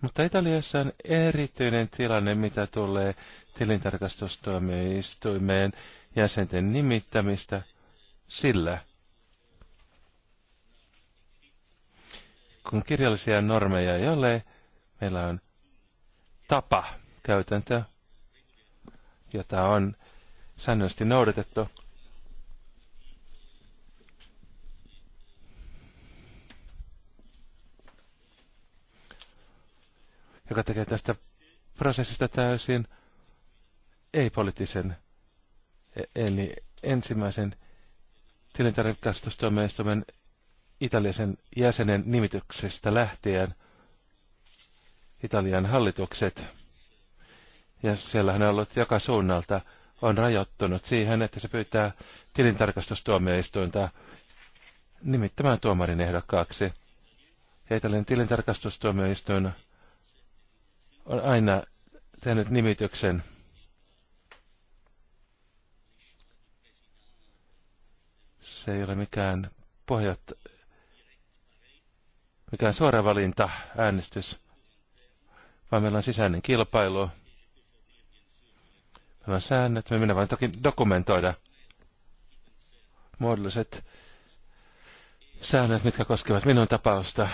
Mutta Italiassa on erityinen tilanne, mitä tulee tilintarkastustuomioistuimeen jäsenten nimittämistä, sillä kun kirjallisia normeja ei ole, meillä on tapa, käytäntö, jota on säännöllisesti noudatettu. joka tekee tästä prosessista täysin ei-poliittisen, eli ensimmäisen tilintarkastustuomioistuimen italialaisen jäsenen nimityksestä lähtien Italian hallitukset, ja siellä hän on ollut joka suunnalta, on rajoittunut siihen, että se pyytää tilintarkastustuomioistuinta nimittämään tuomarin ehdokkaaksi. Ja Italian tilintarkastustuomioistuin on aina tehnyt nimityksen Se ei ole mikään pohjat, mikään suora valinta äänestys, vaan meillä on sisäinen kilpailu. Meillä on säännöt, me minä vain toki dokumentoida muodolliset säännöt, mitkä koskevat minun tapausta.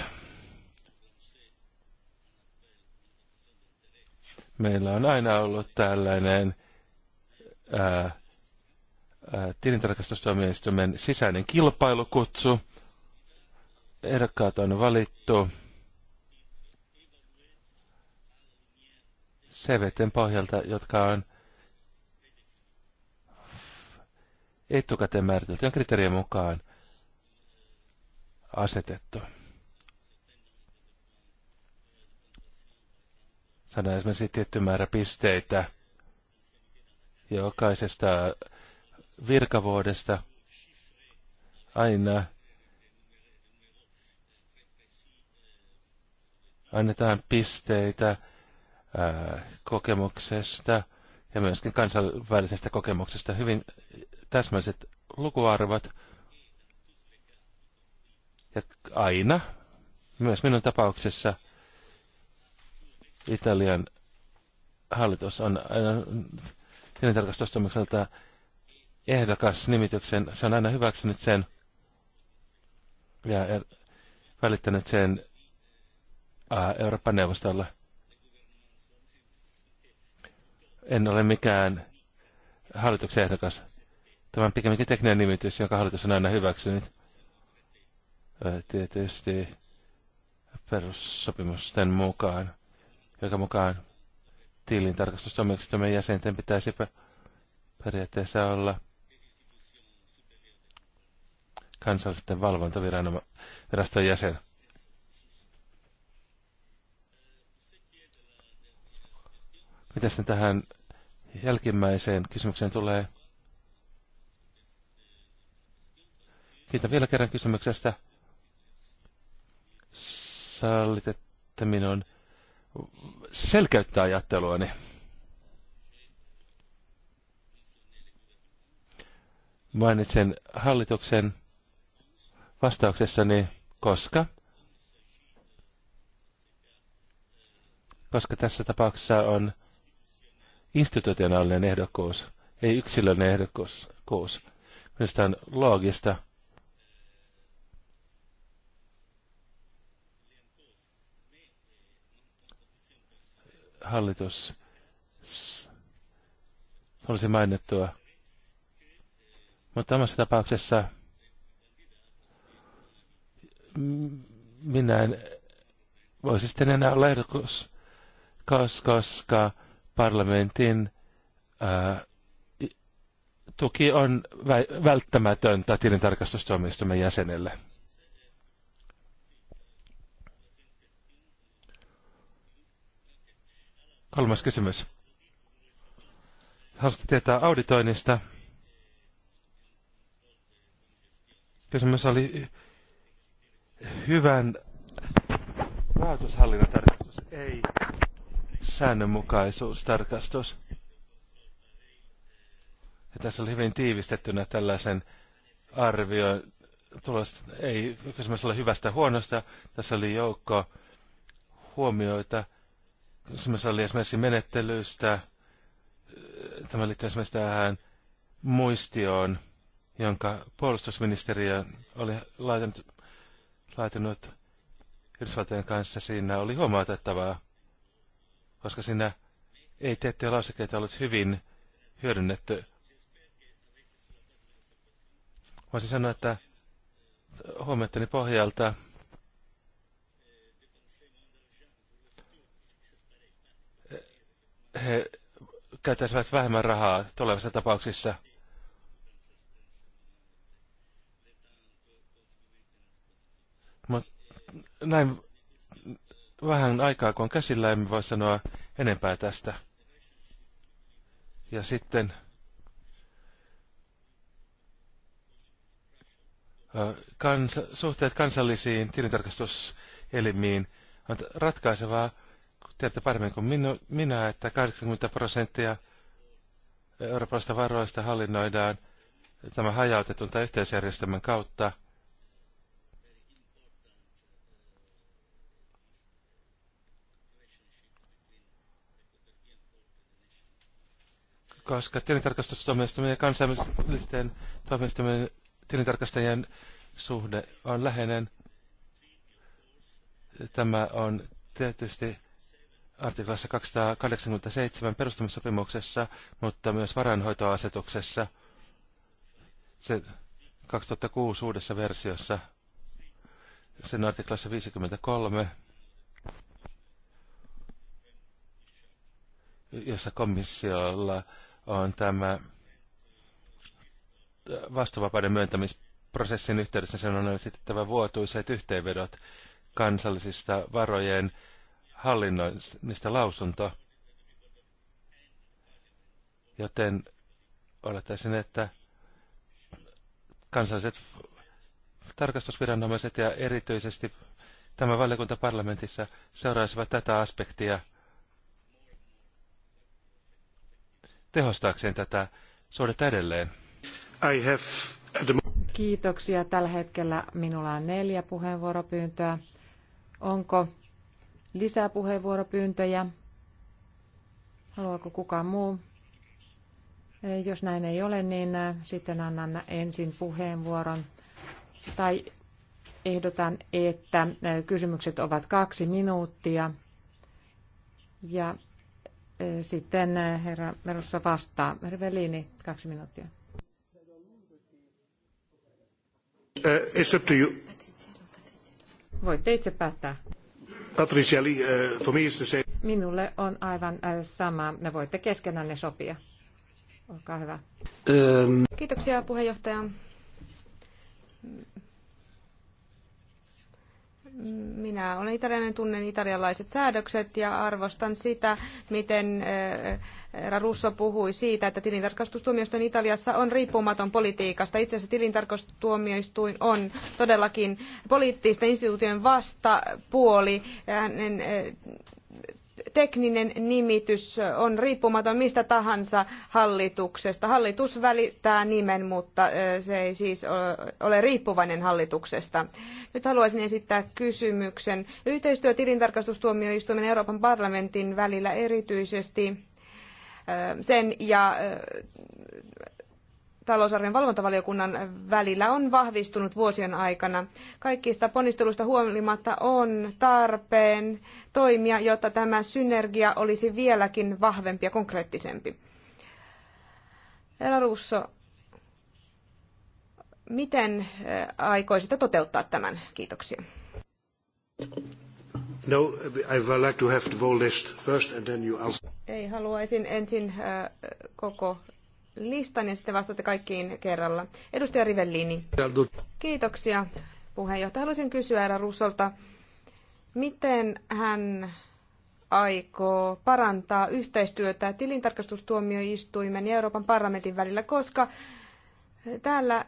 Meillä on aina ollut tällainen ää, tilintarkastustoimistomen sisäinen kilpailukutsu. Ehdokkaat on valittu. CVTn pohjalta, jotka on etukäteen määritelty kriteerien mukaan asetettu. Saadaan esimerkiksi tietty määrä pisteitä jokaisesta virkavuodesta aina annetaan pisteitä ää, kokemuksesta ja myöskin kansainvälisestä kokemuksesta. Hyvin täsmälliset lukuarvot. Ja aina, myös minun tapauksessa, Italian hallitus on aina tilintarkastustoimikselta nimityksen, Se on aina hyväksynyt sen ja er, välittänyt sen Euroopan neuvostolle. En ole mikään hallituksen ehdokas. Tämä on pikemminkin tekninen nimitys, jonka hallitus on aina hyväksynyt. Tietysti perussopimusten mukaan, joka mukaan tilintarkastustoimistomme jäsenten pitäisi periaatteessa olla kansallisten valvontaviraston jäsen. Mitä sitten tähän jälkimmäiseen kysymykseen tulee? Kiitän vielä kerran kysymyksestä. Sallit, että minun selkeyttää ajatteluani. Mainitsen hallituksen vastauksessani, koska, koska tässä tapauksessa on institutionaalinen ehdokkuus, ei yksilöllinen ehdokkuus. Minusta on loogista. Hallitus olisi mainittua. Mutta tämmöisessä tapauksessa minä en voisi sitten enää olla ehdokas, koska parlamentin ää, tuki on vä- välttämätöntä tilintarkastustuomioistuimen jäsenelle. Kolmas kysymys. Haluaisitte tietää auditoinnista. Kysymys oli hyvän rahoitushallinnan tarkastus, ei säännönmukaisuustarkastus. Ja tässä oli hyvin tiivistettynä tällaisen arvio. Tulos ei kysymys ole hyvästä huonosta. Tässä oli joukko huomioita. Kysymys oli esimerkiksi menettelystä. Tämä liittyy esimerkiksi tähän muistioon, jonka puolustusministeriö oli laitanut laitunut Yhdysvaltojen kanssa, siinä oli huomautettavaa, koska siinä ei tiettyjä lausekkeita ollut hyvin hyödynnetty. Voisin sanoa, että huomioittani pohjalta he käyttäisivät vähemmän rahaa tulevissa tapauksissa – Mä näin vähän aikaa, kun on käsillä, emme voi sanoa enempää tästä. Ja sitten kans, suhteet kansallisiin tilintarkastuselimiin on ratkaisevaa, tiedätte paremmin kuin minu, minä, että 80 prosenttia eurooppalaisista varoista hallinnoidaan tämän hajautetun tai yhteisjärjestelmän kautta – koska tilintarkastustoimistomien ja kansainvälisten toimistomien tilintarkastajien suhde on läheinen. Tämä on tietysti artiklassa 287 perustamissopimuksessa, mutta myös varainhoitoasetuksessa se 2006 uudessa versiossa, sen artiklassa 53, jossa komissiolla on tämä vastuvapauden myöntämisprosessin yhteydessä sen on esitettävä vuotuiset yhteenvedot kansallisista varojen hallinnoinnista lausunto. Joten olettaisin, että kansalliset tarkastusviranomaiset ja erityisesti tämä valiokunta parlamentissa seuraisivat tätä aspektia – tehostaakseen tätä suhdetta edelleen? I
have the...
Kiitoksia. Tällä hetkellä minulla on neljä puheenvuoropyyntöä. Onko lisää puheenvuoropyyntöjä? Haluaako kukaan muu? Jos näin ei ole, niin äh, sitten annan ensin puheenvuoron tai ehdotan, että äh, kysymykset ovat kaksi minuuttia. Ja sitten eh, herra Merussa vastaa. Rivellini, kaksi minuuttia.
Uh,
Voitte itse päättää.
Patricia Lee, uh, for me is the same.
Minulle on aivan sama. Ne voitte keskenään ne sopia. Olkaa hyvä. Um. Kiitoksia puheenjohtaja.
Minä olen italialainen, tunnen italialaiset säädökset ja arvostan sitä, miten Russo puhui siitä, että tilintarkastustuomioistuin Italiassa on riippumaton politiikasta. Itse asiassa tilintarkastustuomioistuin on todellakin poliittisten instituutioiden vastapuoli. Hänen tekninen nimitys on riippumaton mistä tahansa hallituksesta. Hallitus välittää nimen, mutta se ei siis ole riippuvainen hallituksesta. Nyt haluaisin esittää kysymyksen. Yhteistyö tilintarkastustuomioistuimen ja Euroopan parlamentin välillä erityisesti sen ja talousarvion valvontavaliokunnan välillä on vahvistunut vuosien aikana. Kaikista ponnisteluista huolimatta on tarpeen toimia, jotta tämä synergia olisi vieläkin vahvempi ja konkreettisempi. Ella Russo, miten eh, aikoisitte toteuttaa tämän? Kiitoksia.
No, I'd like to have the whole list first and then you answer.
Ei, haluaisin ensin eh, koko listan ja sitten vastaatte kaikkiin kerralla. Edustaja Rivellini. Kiitoksia puheenjohtaja. Haluaisin kysyä Eera Russolta, miten hän aikoo parantaa yhteistyötä tilintarkastustuomioistuimen ja Euroopan parlamentin välillä, koska täällä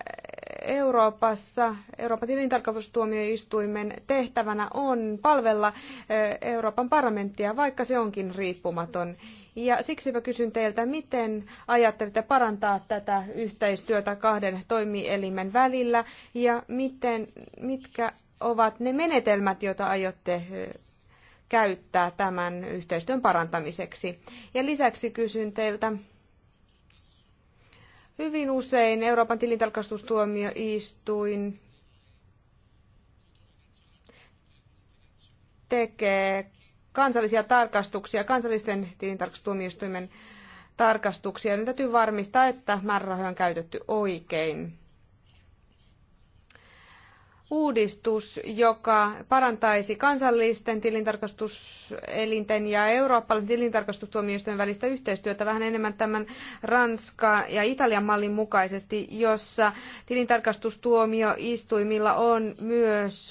Euroopassa Euroopan tilintarkastustuomioistuimen tehtävänä on palvella eh, Euroopan parlamenttia, vaikka se onkin riippumaton. Ja siksipä kysyn teiltä, miten ajattelette parantaa tätä yhteistyötä kahden toimielimen välillä ja miten, mitkä ovat ne menetelmät, joita aiotte käyttää tämän yhteistyön parantamiseksi. Ja lisäksi kysyn teiltä, hyvin usein Euroopan tilintarkastustuomioistuin tekee kansallisia tarkastuksia, kansallisten tilintarkastustuomioistuimen tarkastuksia. Nyt täytyy varmistaa, että määrärahoja on käytetty oikein. Uudistus, joka parantaisi kansallisten tilintarkastuselinten ja eurooppalaisen tilintarkastustuomioistuimen välistä yhteistyötä vähän enemmän tämän Ranska- ja Italian mallin mukaisesti, jossa tilintarkastustuomioistuimilla on myös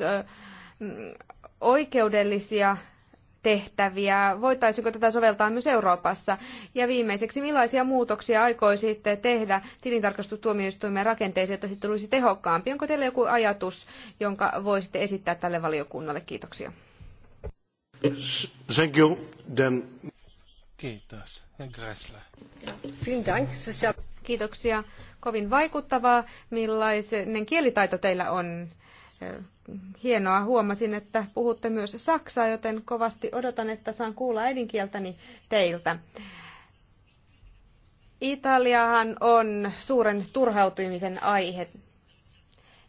mm, oikeudellisia tehtäviä. Voitaisiinko tätä soveltaa myös Euroopassa? Ja viimeiseksi, millaisia muutoksia aikoisitte tehdä tilintarkastustuomioistuimen rakenteeseen, jotta siitä tulisi tehokkaampi? Onko teillä joku ajatus, jonka voisitte esittää tälle valiokunnalle? Kiitoksia.
Thank you. Then... Kiitos.
Kiitoksia. Kovin vaikuttavaa. Millainen kielitaito teillä on? Hienoa, huomasin, että puhutte myös saksaa, joten kovasti odotan, että saan kuulla äidinkieltäni teiltä. Italiahan on suuren turhautumisen aihe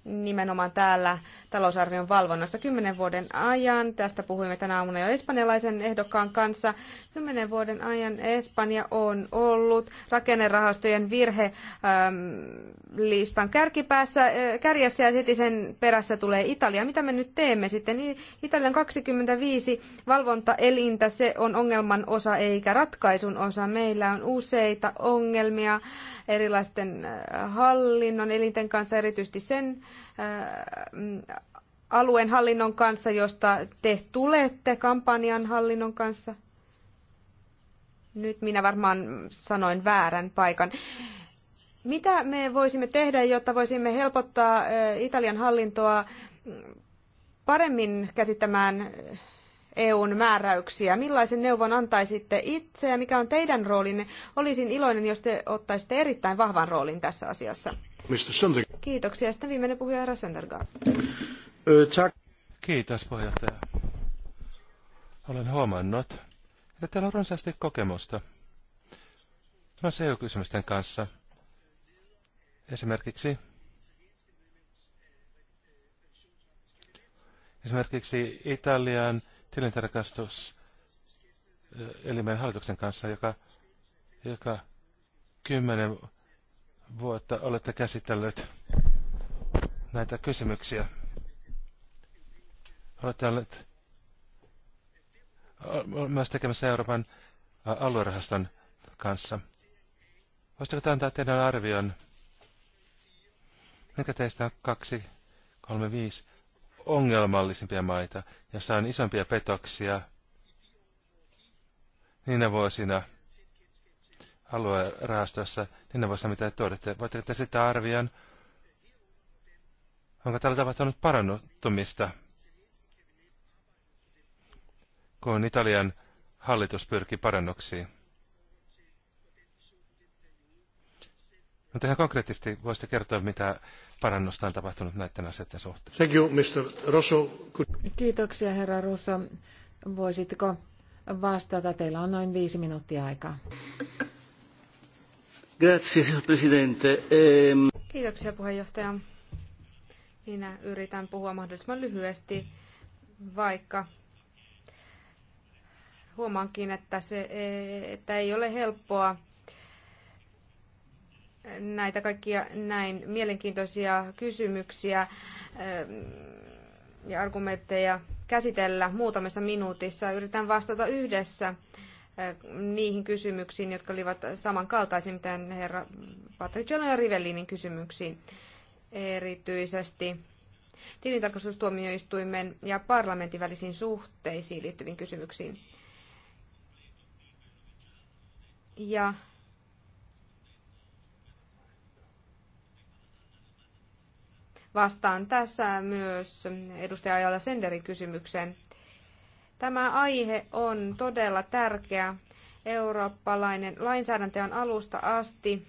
nimenomaan täällä talousarvion valvonnassa kymmenen vuoden ajan. Tästä puhuimme tänä aamuna jo espanjalaisen ehdokkaan kanssa. Kymmenen vuoden ajan Espanja on ollut rakennerahastojen virhelistan ähm, kärkipäässä, äh, kärjessä ja heti sen perässä tulee Italia. Mitä me nyt teemme sitten? Italian 25 valvontaelintä, se on ongelman osa eikä ratkaisun osa. Meillä on useita ongelmia erilaisten äh, hallinnon elinten kanssa, erityisesti sen Mm, alueen hallinnon kanssa, josta te tulette kampanjan hallinnon kanssa? Nyt minä varmaan sanoin väärän paikan. Mitä me voisimme tehdä, jotta voisimme helpottaa Italian hallintoa mm, paremmin käsittämään EUn määräyksiä. Millaisen neuvon antaisitte itse ja mikä on teidän roolinne? Olisin iloinen, jos te ottaisitte erittäin vahvan roolin tässä asiassa.
Mr. Söndergaard.
Kiitoksia. Sitten viimeinen puhuja, herra Söndergaard.
Kiitos,
puheenjohtaja. Olen huomannut, että teillä on runsaasti kokemusta. No se kysymysten kanssa. Esimerkiksi esimerkiksi Italian tilintarkastus elimen hallituksen kanssa, joka, joka kymmenen vuotta olette käsitelleet näitä kysymyksiä. Olette olleet myös tekemässä Euroopan aluerahaston kanssa. Voisitteko antaa teidän arvion, mikä teistä on kaksi, kolme, viisi ongelmallisimpia maita, jossa on isompia petoksia niinä vuosina – aluerahastossa, niin ne voisivat mitä tuodette. Voitteko te sitä arvion? Onko täällä tapahtunut parantumista, kun Italian hallitus pyrki parannuksiin? Mutta ihan konkreettisesti voisitte kertoa, mitä parannusta on tapahtunut näiden asioiden suhteen.
Thank you, Mr. Rosso.
Kiitoksia, herra Russo. Voisitko vastata? Teillä on noin viisi minuuttia aikaa. Ehm, Kiitoksia
puheenjohtaja. Minä yritän puhua mahdollisimman lyhyesti, vaikka huomaankin, että, se, että ei ole helppoa näitä kaikkia näin mielenkiintoisia kysymyksiä ehm, ja argumentteja käsitellä muutamassa minuutissa. Yritän vastata yhdessä niihin kysymyksiin, jotka olivat samankaltaisia, mitä herra Patriciano ja Rivellinin kysymyksiin erityisesti tilintarkastustuomioistuimen ja parlamentin välisiin suhteisiin liittyviin kysymyksiin. Ja vastaan tässä myös edustaja Ajala Senderin kysymykseen Tämä aihe on todella tärkeä. Eurooppalainen lainsäädäntö on alusta asti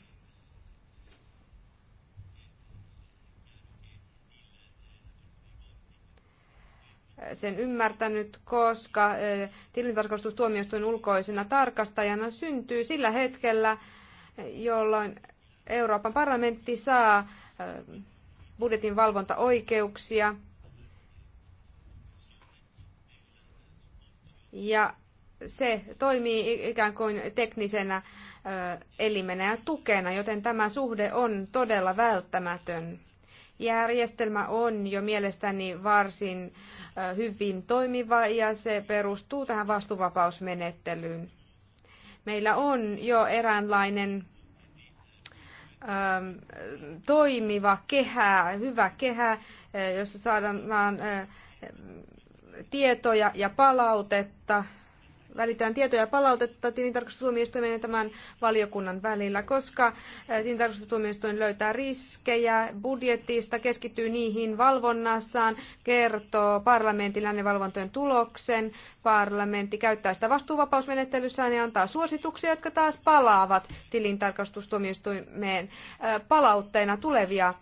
sen ymmärtänyt, koska eh, tilintarkastustuomioistuin ulkoisena tarkastajana syntyy sillä hetkellä, jolloin Euroopan parlamentti saa eh, budjetin valvontaoikeuksia – Ja se toimii ikään kuin teknisenä elimenä ja tukena, joten tämä suhde on todella välttämätön. Järjestelmä on jo mielestäni varsin hyvin toimiva ja se perustuu tähän vastuvapausmenettelyyn. Meillä on jo eräänlainen toimiva kehä, hyvä kehä, jossa saadaan tietoja ja palautetta välitään tietoja ja palautetta tilintarkastustuomioistuimen ja tämän valiokunnan välillä, koska tilintarkastustuomioistuin löytää riskejä budjetista, keskittyy niihin valvonnassaan, kertoo parlamentille ne valvontojen tuloksen, parlamentti käyttää sitä vastuuvapausmenettelyssään ja antaa suosituksia, jotka taas palaavat tilintarkastustuomioistuimeen palautteena tulevia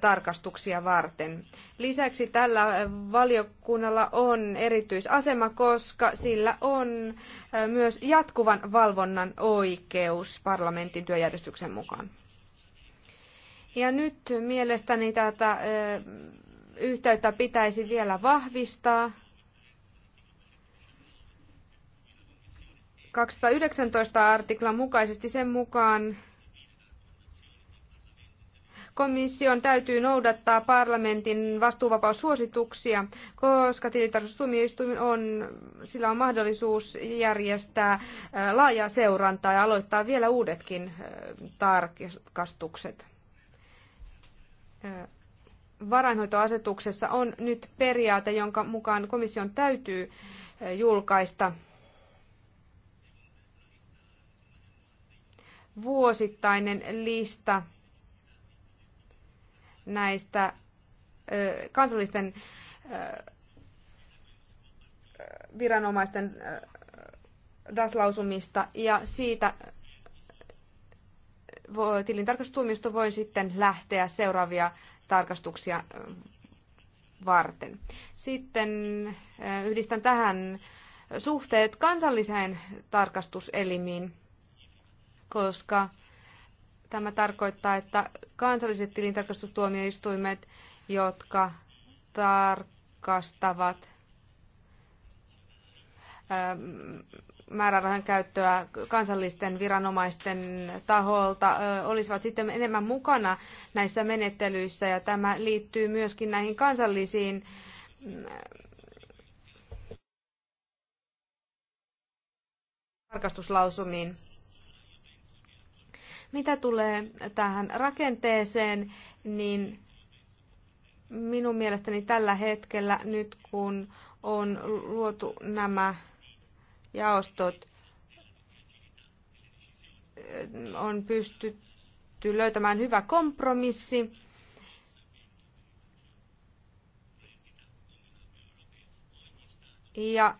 tarkastuksia varten. Lisäksi tällä valiokunnalla on erityisasema, koska sillä on myös jatkuvan valvonnan oikeus parlamentin työjärjestyksen mukaan. Ja nyt mielestäni tätä yhteyttä pitäisi vielä vahvistaa. 219 artiklan mukaisesti sen mukaan Komission täytyy noudattaa parlamentin vastuuvapaussuosituksia, koska tilintarkastustuomioistuin on, sillä on mahdollisuus järjestää laajaa seurantaa ja aloittaa vielä uudetkin tarkastukset varainhoitoasetuksessa on nyt periaate, jonka mukaan komission täytyy julkaista vuosittainen lista näistä kansallisten viranomaisten DAS-lausumista ja siitä tilintarkastustuomioisto voi sitten lähteä seuraavia tarkastuksia varten. Sitten yhdistän tähän suhteet kansalliseen tarkastuselimiin, koska Tämä tarkoittaa, että kansalliset tilintarkastustuomioistuimet, jotka tarkastavat ähm, määrärahan käyttöä kansallisten viranomaisten taholta, äh, olisivat sitten enemmän mukana näissä menettelyissä ja tämä liittyy myöskin näihin kansallisiin äh, tarkastuslausumiin. Mitä tulee tähän rakenteeseen, niin minun mielestäni tällä hetkellä nyt kun on luotu nämä jaostot, on pystytty löytämään hyvä kompromissi. Ja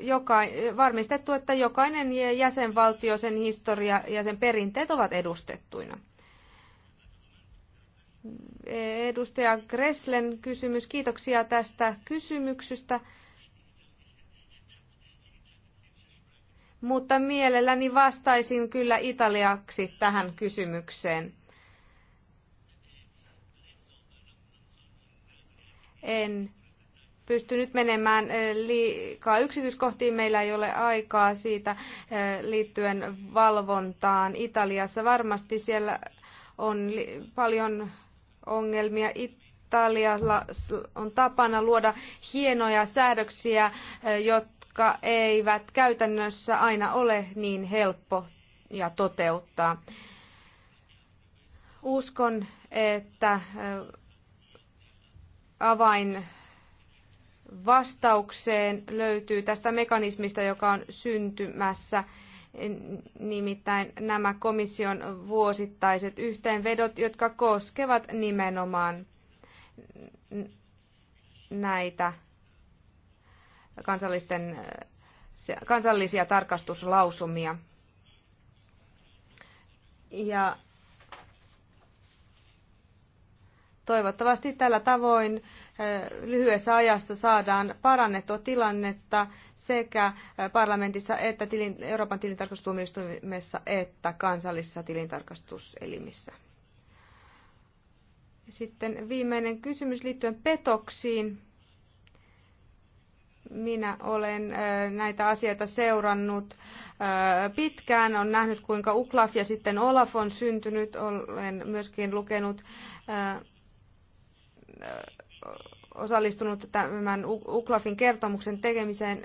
joka, varmistettu, että jokainen jäsenvaltio, sen historia ja sen perinteet ovat edustettuina. Edustaja Gresslen kysymys. Kiitoksia tästä kysymyksestä. Mutta mielelläni vastaisin kyllä italiaksi tähän kysymykseen. En pysty nyt menemään eh, liikaa yksityiskohtiin. Meillä ei ole aikaa siitä eh, liittyen valvontaan Italiassa. Varmasti siellä on paljon ongelmia. Italialla on tapana luoda hienoja säädöksiä, eh, jotka eivät käytännössä aina ole niin helppo ja toteuttaa. Uskon, että avain vastaukseen löytyy tästä mekanismista, joka on syntymässä, nimittäin nämä komission vuosittaiset yhteenvedot, jotka koskevat nimenomaan näitä kansallisten, kansallisia tarkastuslausumia. Ja toivottavasti tällä tavoin lyhyessä ajassa saadaan parannettua tilannetta sekä parlamentissa että tilin, Euroopan tilintarkastustuomioistuimessa että kansallisissa tilintarkastuselimissä. Sitten viimeinen kysymys liittyen petoksiin. Minä olen näitä asioita seurannut pitkään. Olen nähnyt, kuinka Uklaf ja sitten Olaf on syntynyt. Olen myöskin lukenut osallistunut tämän Uklafin kertomuksen tekemiseen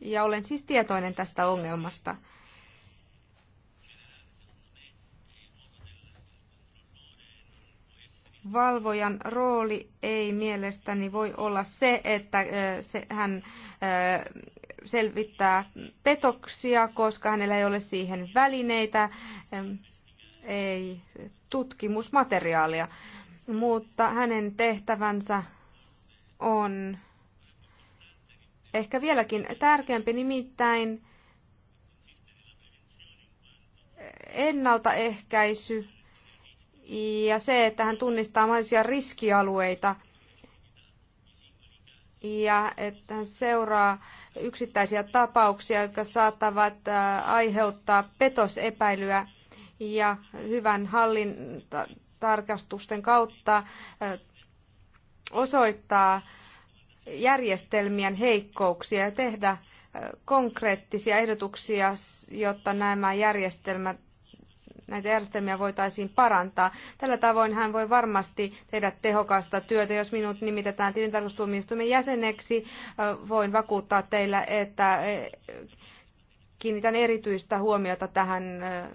ja olen siis tietoinen tästä ongelmasta. valvojan rooli ei mielestäni voi olla se, että se, hän selvittää petoksia, koska hänellä ei ole siihen välineitä, ei tutkimusmateriaalia mutta hänen tehtävänsä on ehkä vieläkin tärkeämpi, nimittäin ennaltaehkäisy ja se, että hän tunnistaa mahdollisia riskialueita ja että hän seuraa yksittäisiä tapauksia, jotka saattavat äh, aiheuttaa petosepäilyä ja hyvän hallinta tarkastusten kautta osoittaa järjestelmien heikkouksia ja tehdä konkreettisia ehdotuksia, jotta nämä järjestelmät näitä järjestelmiä voitaisiin parantaa. Tällä tavoin hän voi varmasti tehdä tehokasta työtä. Jos minut nimitetään tilintarkastustuomioistuimen jäseneksi, voin vakuuttaa teillä, että kiinnitän erityistä huomiota tähän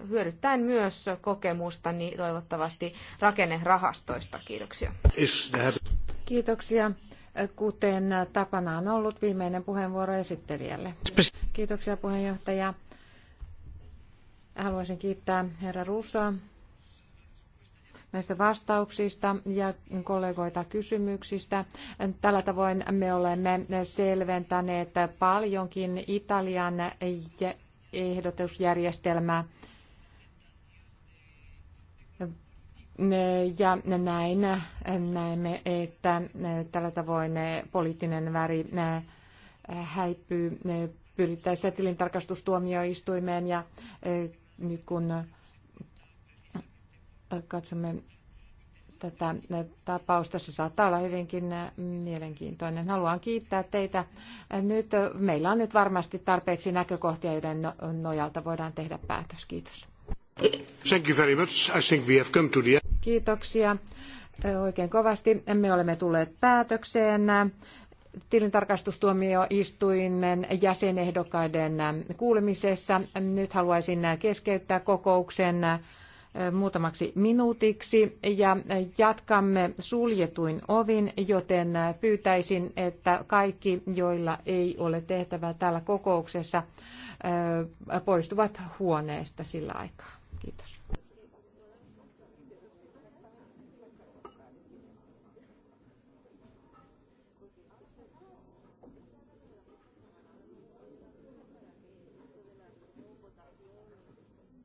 hyödyttäen myös kokemustani toivottavasti rakennerahastoista. Kiitoksia.
Kiitoksia. Kuten tapana on ollut, viimeinen puheenvuoro esittelijälle. Kiitoksia puheenjohtaja. Haluaisin kiittää herra Ruusaa näistä vastauksista ja kollegoita kysymyksistä. Tällä tavoin me olemme selventäneet paljonkin Italian ehdotusjärjestelmää. Ja näin näemme, että tällä tavoin poliittinen väri häipyy pyrittäessä tilintarkastustuomioistuimeen ja nyt kun katsomme tätä tapausta. Se saattaa olla hyvinkin mielenkiintoinen. Haluan kiittää teitä. Nyt, meillä on nyt varmasti tarpeeksi näkökohtia, joiden no-, nojalta voidaan tehdä päätös. Kiitos.
Thank you very much. I think we have come to the...
Kiitoksia eh, oikein kovasti. Me olemme tulleet päätökseen tilintarkastustuomioistuimen jäsenehdokkaiden kuulemisessa. Nyt haluaisin eh, keskeyttää kokouksen muutamaksi minuutiksi ja jatkamme suljetuin ovin, joten pyytäisin, että kaikki, joilla ei ole tehtävää täällä kokouksessa, poistuvat huoneesta sillä aikaa. Kiitos.